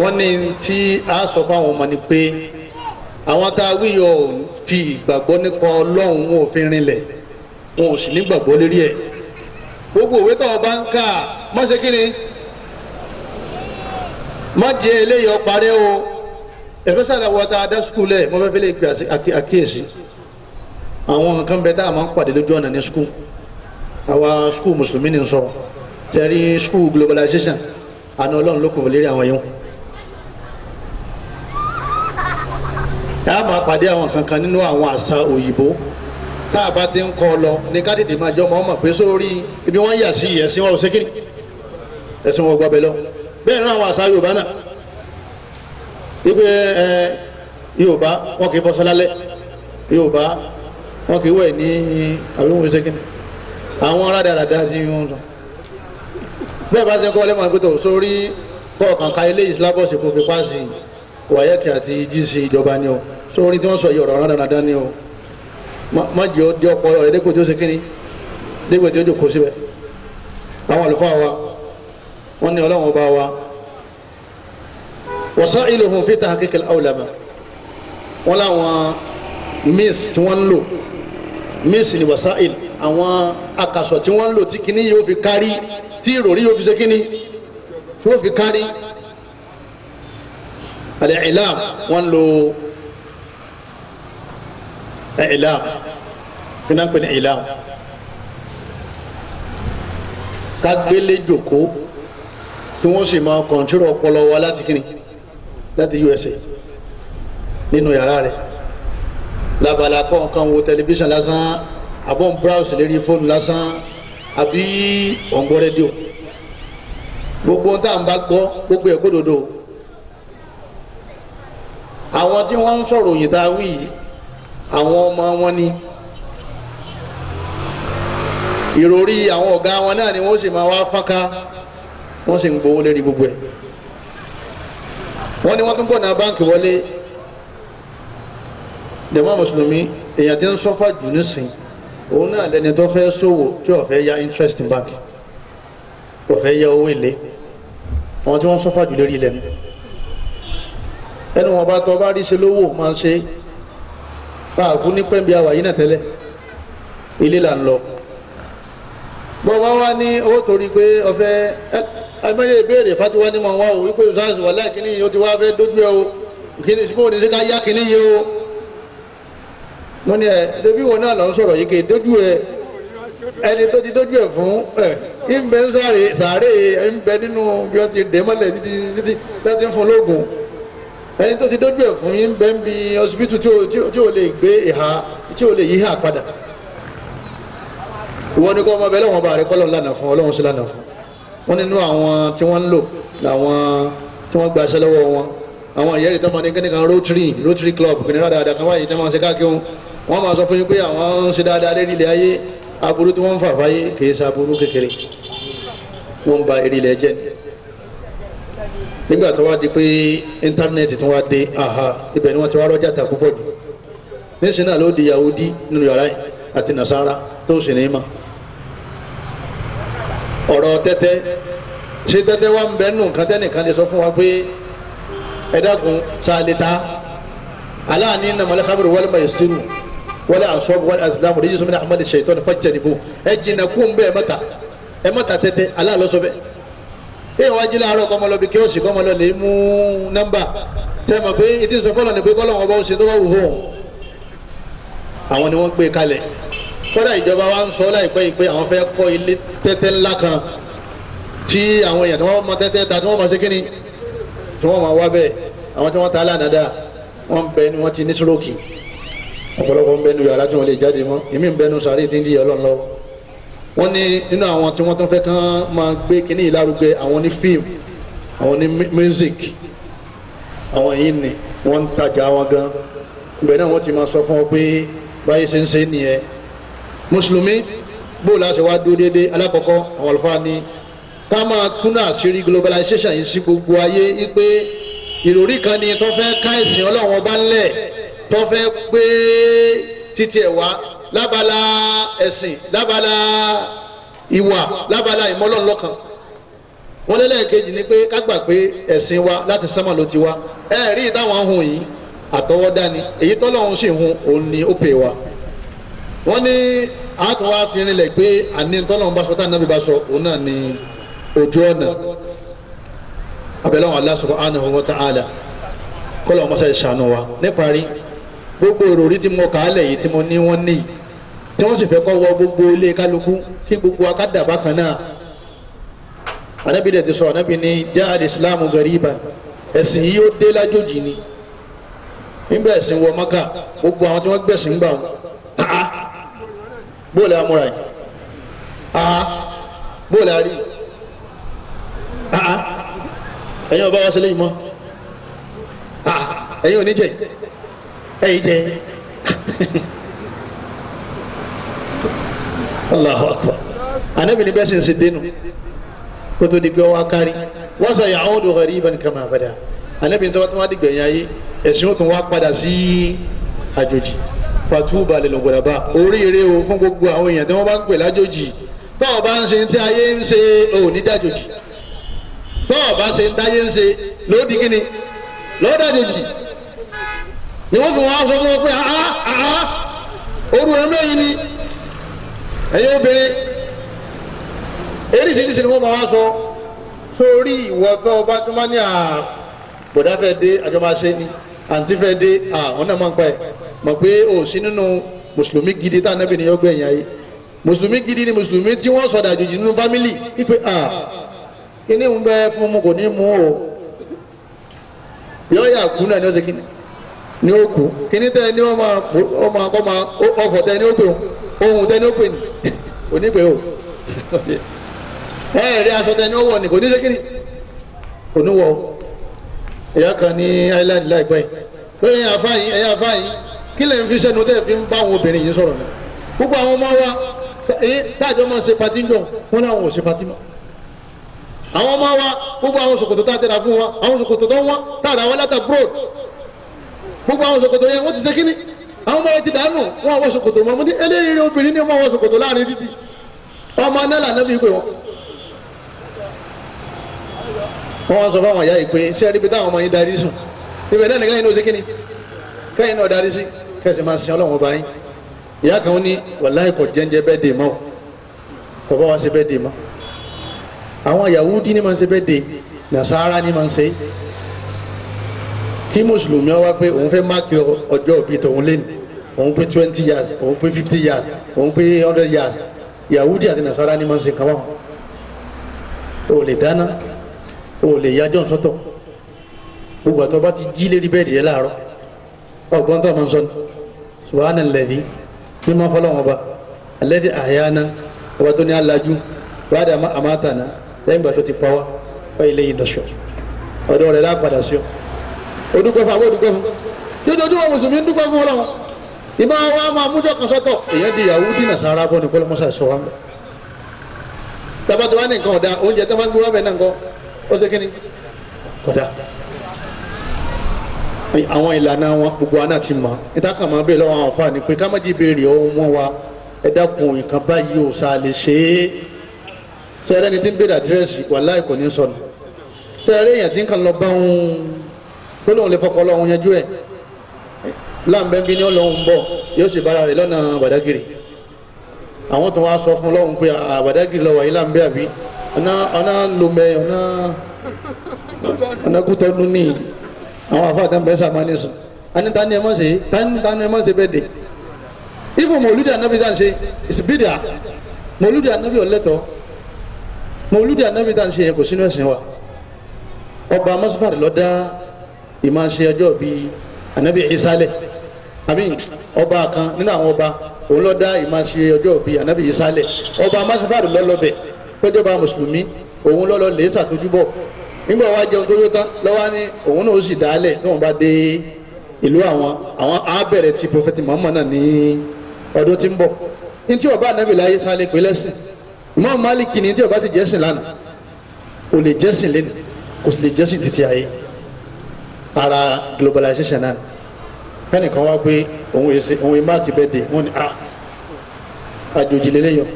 wọ́n ní tí a sọ fáwọn ọmọ ni pé àwọn tá a wíyọ fi ìgbàgbọ́ nípa ọlọ́run wọn ò fi rinlẹ̀ wọn ò sì ní gbàgbọ́ lérí ẹ̀ gbogbo òwe tó o bá ń kà má ṣe kí ni má jẹ eléyìí ọparẹ́ o especially àwọn tá a dá skul ẹ̀ mo fẹ́ fi lè pè àkíyèsí àwọn nǹkan bẹ tá a máa ń pàdé lójú ọ̀nà ní skul àwa skul mùsùlùmí ni n sọ tẹ̀rí skul globalization àna ọlọ́run ló kùn lérí àwọn yẹn. tá a máa pàdé àwọn kankan nínú àwọn àṣà òyìnbó tá a bá ti ń kọ́ lọ ní ká máa jọ mọ́ pé sórí ibi wọ́n yà sí ẹ̀sìn wọn ò ṣe kí ni ẹ̀sìn wọn gbọ́ bẹ lọ bẹ́ẹ̀ náà àwọn àṣà Yorùbá náà ibi ẹ eh, yorùbá wọn kì í bọ́ sọ́lálẹ́ yorùbá wọn kì í wẹ̀ ní àbí wọn fi ṣe kíni àwọn aládàáda sí wọn sọ bẹ́ẹ̀ bá ṣe kọ́ lẹ́mọ̀ àgbẹ̀tọ̀ sórí kọ̀ọ̀kan ka ilé ìsìlábọ̀sì kò fi páàsì wàyẹ́kì àti jíìsì ìjọba ni o sórí tí wọ́n sọ yọ̀rọ̀ aládàáda ni o má jẹ́ ọdí ọkọ rẹ̀ dẹ́gbẹ̀ tí ó ṣe kíni dẹ́gbẹ̀ tí ó jòkó síbẹ̀ àwọn àlùfáà wa wọ́n ní ọlọ́run ọba wa wasailuhum fi tahqiq al-awlama wọn làwọn miss tí wọ́n ń lò miss ni wasail àwọn akasọ̀ tí wọ́n ń lò tí kìíní yóò fi kárí tí ìròrí yóò fi ṣe kíní tí wọ́n fi kárí al-i'lam wọ́n ń lò i'lam kí náà ń pè ní i'lam tí wọ́n sì máa kọ̀ǹtúrò ọpọlọ wa láti kíní láti USA nínú yàrá rẹ̀ lábala kọ́ nǹkan wo tẹlifíṣàn lásán àbọ̀ ń browse lérí fóònù lásán àbí ọ̀ngbọ́n rédíò gbogbo tá à ń bá gbọ́ gbogbo ẹ̀ kódodo àwọn tí wọ́n ń sọ̀rọ̀ òyìn tá a wí yìí àwọn ọmọ wọn ni ìròrí àwọn ọ̀gá wọn náà ni wọ́n sì máa wá fọ́nká wọ́n sì ń gbowó lérí gbogbo ẹ̀ wọ́n ní wọ́n tún gbọ́nà báǹkì wọlé dẹ̀mọ́ mùsùlùmí èèyàn ti ń sọ́fà jù nísìn òun náà lẹni tó fẹ́ ṣòwò tí ò fẹ́ ya interest bank ò fẹ́ ya owó èlé àwọn tí wọ́n sọ́fà jù lórí ilẹ̀ ẹnu wọn bá tọ́ bá rí ṣe lówó máa ń ṣe bá a kú ní pẹ́ńbí àwàyí náà tẹ́lẹ̀ ilé là ń lọ bọ́ wá wá ní owó torí pé ọ̀fẹ́ àgbẹ̀yẹ ìbéèrè fatiwa ni mo wá o wípé ṣáàṣì wà láì kíní yìí ó ti wá fẹ́ dójú ẹ o kíní sí kò ní sí ká yá kíní yìí o. wọ́n ní ẹ ṣebí wọn náà lọ sọ̀rọ̀ yìí kì í dójú ẹ ẹni tó ti dójú ẹ fún ẹ ìbẹ ń sáré sáré ìbẹ nínú bí wọ́n ti dè mọ́lẹ̀ títí títí tẹ́tí fún lóògùn ẹni tó ti dójú ẹ fún yín bẹ́ẹ̀ bí ọsibítù tí ò lè gbé ìhà tí ò lè yíhà padà ìwọ ni kọ́ ọmọ bẹ́ẹ̀ lọ́wọ́ bá rẹ kọ́ lọ́n lánàá fún ọlọ́run sí lánàá fún wọ́n nínú àwọn tí wọ́n ń lò làwọn tí wọ́n gbaṣẹ́ lọ́wọ́ wọn àwọn ìyẹ́rì tó máa ní kíni kan Rotary Rotary Club kìnìún dáadáa kan wáyé tí wọ́n ṣe káàkiri wọ́n máa sọ fún yín pé àwọn ń ṣe dáadáa lérí ilẹ̀ ayé aburú tí wọ́n ń fà fáyé kì í ṣe aburú kékeré wọ́n ń ba eré ilẹ̀ jẹ́ nígbà tó wá di pé íńtánẹ́ẹ̀tì tó wá dé àhà ibẹ̀ ni wọ́n ti wá rọ́jà tà púpọ̀ jù níṣìí náà ló di Yahudi nínú yàrá yìí àti Nasara tó sì ní í máa ọ̀rọ̀ tẹ́tẹ́ ṣé tẹ́tẹ́ wa ń bẹ nù nǹkan tẹ́nìkan lè sọ fún wa pé ẹ dákun aláàánú iná mọ̀lẹ́kábìrì wọlé mọ̀ ìṣirò wọlé àṣọ́bù wọlé àṣìlámù rẹ̀ yíṣọ́ mi ní ahmed ṣètọ́ni fọ́jà nìbò ẹ jìnnà kú bẹ́ẹ̀ mẹ́ta ẹ mẹ́ta tẹ́tẹ́ aláàlọ́sọ bẹ́ẹ̀ wá jí láàárọ̀ kọ́mọ bí kí ó sì lè mú nọ́mbà tẹ́ mọ̀ pé ìdí ni pé kọ́lọ́ wọn bá ṣe tó bá wù àwọn ni wọ́n gbé kalẹ̀ kódà ìjọba wa ń sọ láìpẹ́ yìí pé àwọn fẹ́ kọ́ ilé tẹ́tẹ́ ńlá kan tí àwọn èèyàn tí wọ́n mọ tẹ́tẹ́ ta tí wọ́n mọ sí kínní tí wọ́n mọ wá bẹ́ẹ̀ àwọn tí wọ́n ta alánàdá wọ́n ń bẹ ni wọ́n ti ní sírókì ọ̀pọ̀lọpọ̀ ń bẹ yàrá tí wọ́n lè jáde mọ́ èmi ń bẹ sàárè tí ọlọ́run lọ. wọ́n ní nínú àwọn tí wọ́n tán fẹ́ kán máa gbé kínní ìlárugẹ àwọn ní fíìmù àwọn ní music àwọn yìí ni wọ́n ń tajà wọn gan ìgbẹ́ náà wọ́n ti máa sọ fún ọ pé báyìí ṣe ń ṣe nìyẹn mùsùlùmí bóò láti wá dúró déédéé alákọ̀ọ́kọ́ àwọn àlùfáà ni ká máa túnú àṣírí globalization yìí sí gbogbo ayé wípé ìròrí kan ni tó fẹ́ ká ẹ̀sìn ọlọ́run ọba ńlẹ̀ tó fẹ́ gbé títí ẹ̀ wá lábala ẹ̀sìn lábala ìwà lábala ìmọ́lọ́lọ́kan wọ́n lé lẹ́ẹ̀kejì ni pé ká gbà pé ẹ̀sìn wa láti sánmà ló ti wá ẹ̀ẹ́rì táwọn ń hun yìí àtọwọ́dá ni èyí tọ́lọ́run sì hun òun ni ó pè wá. wọ́n ní àtún wá fi rinlẹ̀ pé àní tọ́lọ̀ ń bá sọ táwọn bá sọ òun náà ní ojú ọ̀nà abẹ́lẹ́ wọn Allah subhanahu wa ta'ala kọ́lọ̀ wọn sáré ṣàánú wa níparí gbogbo ìròrí tí mo kà á lẹ̀ yìí tí mo ní wọ́n ní tí wọ́n sì fẹ́ kọ́ wọ gbogbo ilé kálukú kí gbogbo kan náà ti bóòlù amúra yìí aha bóòlù àrí aha ẹ̀yin ọba wa sílẹ̀ yìí mọ́ aha ẹ̀yin oníjẹ ẹ̀yin jẹ *laughs* Allahu akbar anabi ni bẹ́ẹ̀ sì ń ṣe dénú kótó di gbé wa kárí wọ́n sọ yàrá òdo ọ̀rẹ́ ìbọn kama àbàdà anabi ní tọ́wọ́ tí wọ́n á di gbẹ̀yìn ayé ẹ̀sìn ó tún wá padà sí àjòjì. fatuba lil ghuraba oríire o fún gbogbo àwọn èèyàn tí wọ́n bá ń pè lájòjì tọ́ọ̀ bá ń ṣe ń tí ayé ń ṣe òní dájòjì tọ́ọ̀ bá ṣe ń táyé ń ṣe lódì kíni lọ́dàjòjì ni wọ́n fi wọ́n sọ fún wọn pé àá àá orú ni ẹ̀yin obìnrin eríṣiríṣi ni wọ́n máa sọ sórí ìwọ tó máa ní àà fẹ́ dé ni àǹtí fẹ́ dé àwọn náà máa ń pa ẹ̀. mọ̀ pé o oh, sí nínú mùsùlùmí gidi tá ànábì ni ọgbẹ́ ìyá yìí mùsùlùmí gidi ni mùsùlùmí tí wọ́n sọ̀dà àjòjì nínú fámìlì wípé à kíní ń bẹ fún mu kò ní mú o yọ yà kú náà ní ní o kú kíní tẹ ní ọmọ ọmọ akọ́mọ ọkọ̀ tẹ ní o pè ohun tẹ ní o pè ní o *laughs* *laughs* ẹ rí aṣọ tẹ ní o wọ̀ ni kò ní ṣe kíní kò ní o ìyá kan ní ni láìpẹ́ yìí kí lẹ́yìn fi sẹ́nu tẹ́ fi ń bá àwọn obìnrin yìí sọ̀rọ̀ náà gbogbo àwọn ọmọ wa èyí táàjọ máa ṣe patí ń dùn wọn náà wọn ò ṣe patí mọ́ àwọn ọmọ wa gbogbo àwọn ṣòkòtò tá a tẹ̀ra fún wa àwọn ṣòkòtò tó ń wá táàrà wọn látà broad gbogbo àwọn ṣòkòtò yẹn wọ́n ti ṣe kíní àwọn ọmọ yẹn ti dànù wọn àwọn ṣòkòtò mọ́ ní eléyìí obìnrin ní ọmọ àwọn ṣòkòtò láàrin títì ọmọ anáàlà náà bí náà darí sí kẹsì máa sin ọlọ́run ọba yín ìyá kan ní wàláì kò jẹ́njẹ́ bẹ́ẹ̀ dè mọ́ kò bá wa ṣe bẹ́ẹ̀ dè mọ́ àwọn Yahudi ní máa ń ṣe bẹ́ẹ̀ dè Nasara ní máa ṣe kí mùsùlùmí wá pé òun fẹ́ máàkì ọjọ́ òbí tòun lé òun pé twenty years òun pé fifty years òun pé hundred years Yahudi àti Nasara ní máa ń ṣe kàn wọ́n o lè dáná o lè yájọ́ sọ́tọ̀ gbogbo àtọ́ bá ti jí lérí bẹ́ẹ̀ dì láàárọ̀ ọgbọ́n tó máa ń sọ ni subahana lẹ́dí mímọ́ fọlọ́wọn ọba alẹ́dí àyànà ọba tó ní alájú wàdà àmàtànà lẹ́yìn ìgbà tó ti pa wá wáyé lẹ́yìn dọ̀ṣọ́ ọ̀dọ́ rẹ̀ lápadà sí ọ. odúkọ fún àwọn odúkọ fún lójoojúmọ́ mùsùlùmí ń dúpẹ́ fún ọlọ́run ìbá wa máa mújọ kan sọ́tọ̀ èyàn di ìyàwó dínà sára bọ́ ní kọ́lọ́mọ́sà sọ wa ń bẹ̀. tabatọ́ wa ní nǹkan ọ̀dà oúnjẹ tó máa ń gbé wa bẹ̀ náà nǹkan ó ṣe kíni ọ̀dà àwọn ìlànà wọn gbogbo wa náà ti mọ̀ ìtàkà máa bẹ̀rẹ̀ lọ́wọ́ àwọn afa ni pé ká má jí béèrè ohun wọn wa ẹ dákun nǹkan báyìí ò sá lè ṣe é sẹ́rẹ́ ni tí ń béèrè àdírẹ́sì wàláì kò ní sọnù sẹ́rẹ́ èèyàn tí ń kàn lọ bá òun tó lóun lè fọkọ lọ́hún yanjú ẹ̀ láǹbẹ́ bí ní ọlọ́hún bọ̀ yóò sì bára rẹ̀ lọ́nà àbàdágìrì àwọn tó wá sọ fún lọ́hún pé àbàdágìrì lọ́wọ́ yìí láǹbẹ́ àbí ọ̀nà lomẹ́ ọ̀nà ọ̀nà kútọ́nù nìyí àwọn àfa àtàn bẹ́ẹ̀ sàmà ní sùn àní tani ẹ mọ̀ sí tani tani ẹ mọ̀ sí bẹ́ẹ̀ dé ifo mòlúdi anabi tá n ṣe ìsibídìá mòlúdi anabi ọ̀lẹ́tọ̀ mòlúdi anabi tá n ṣe yẹn kò sínú ẹ̀sìn wa ọba masfar ló dá ìmáṣe ọjọ́ bíi anabi isalẹ̀ àmín ọba kan nínú àwọn ọba òun ló dá ìmáṣe ọjọ́ bíi anabi isalẹ̀ ọba masfar lọ́lọ́bẹ̀ tọ́jọba mùsùlùmí òun lọ́lọ́ lè ṣàtúnjúbọ̀ nígbà wàá jẹun tó yó tán lọ́wọ́ ni òun náà ó sì dálẹ̀ tí wọ́n bá dé ìlú àwọn àwọn á bẹ̀rẹ̀ ti prọfẹ̀tì Muhammad náà ní ọdún tí ń bọ̀ ní tí ọba anabi láyé sàn lè pè lẹ́sìn Imam Malik ní tí ọba ti jẹ́sìn lánàá kò lè jẹ́sìn lẹ́nu kò sì lè jẹ́sìn títí ayé ara globalization náà fẹ́nìkan wá pé òun èsì òun ìmá ti bẹ́ẹ̀ dé wọ́n ní a ah, àjòjì lélẹ́yọ̀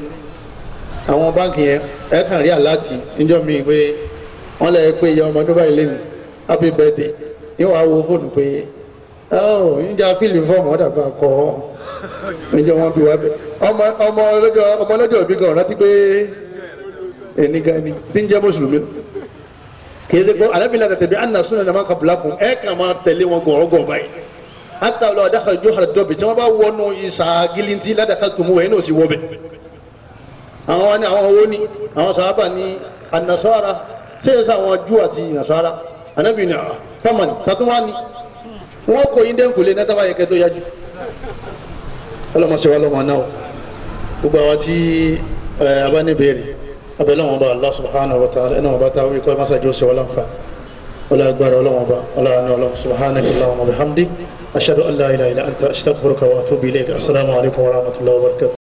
àwọn báńkì yẹn ẹ̀ kàn rí àláàtì níjọ́ mi pé. wọ́n lè pe ìyá ọmọ ọdún báyìí happy birthday yóò wá wo fóònù pé ọ́ níjà fíìlì fọ́ọ̀mù ọ̀dà bá kọ́ ọ́ níjọ́ wọn bí wá bẹ́ẹ̀ ọmọ ọlọ́jọ́ òbí gan rántí pé ẹnìkan ẹni tí ń jẹ́ mùsùlùmí kìí ṣe kó alábìlà tẹ̀tẹ̀ bí anna sunna ní a máa kà kà máa tẹ̀lé wọn adaka tí bá ìsà gilinti ládàkà náà ṣé ẹ sáwọn jù àti nàṣọ́ra ànábì ah, ní àrà fámánì tàtúwá ni wọn kò yín dẹ́kun lé nátàbá yẹ kẹtó yájú ọlọmọṣẹ wa lọmọ náà gbogbo àwọn tí abánibèrè abẹ́lẹ́ wọn bá Allah subhanahu wa ta'ala ẹni wọn bá táwọn ikọ́ masájú ṣe wọn láǹfà ولا أكبر ولا مبا ولا أنا ولا سبحانك اللهم وبحمدك أشهد أن لا إله إلا أنت أستغفرك وأتوب إليك السلام عليكم ورحمة الله وبركاته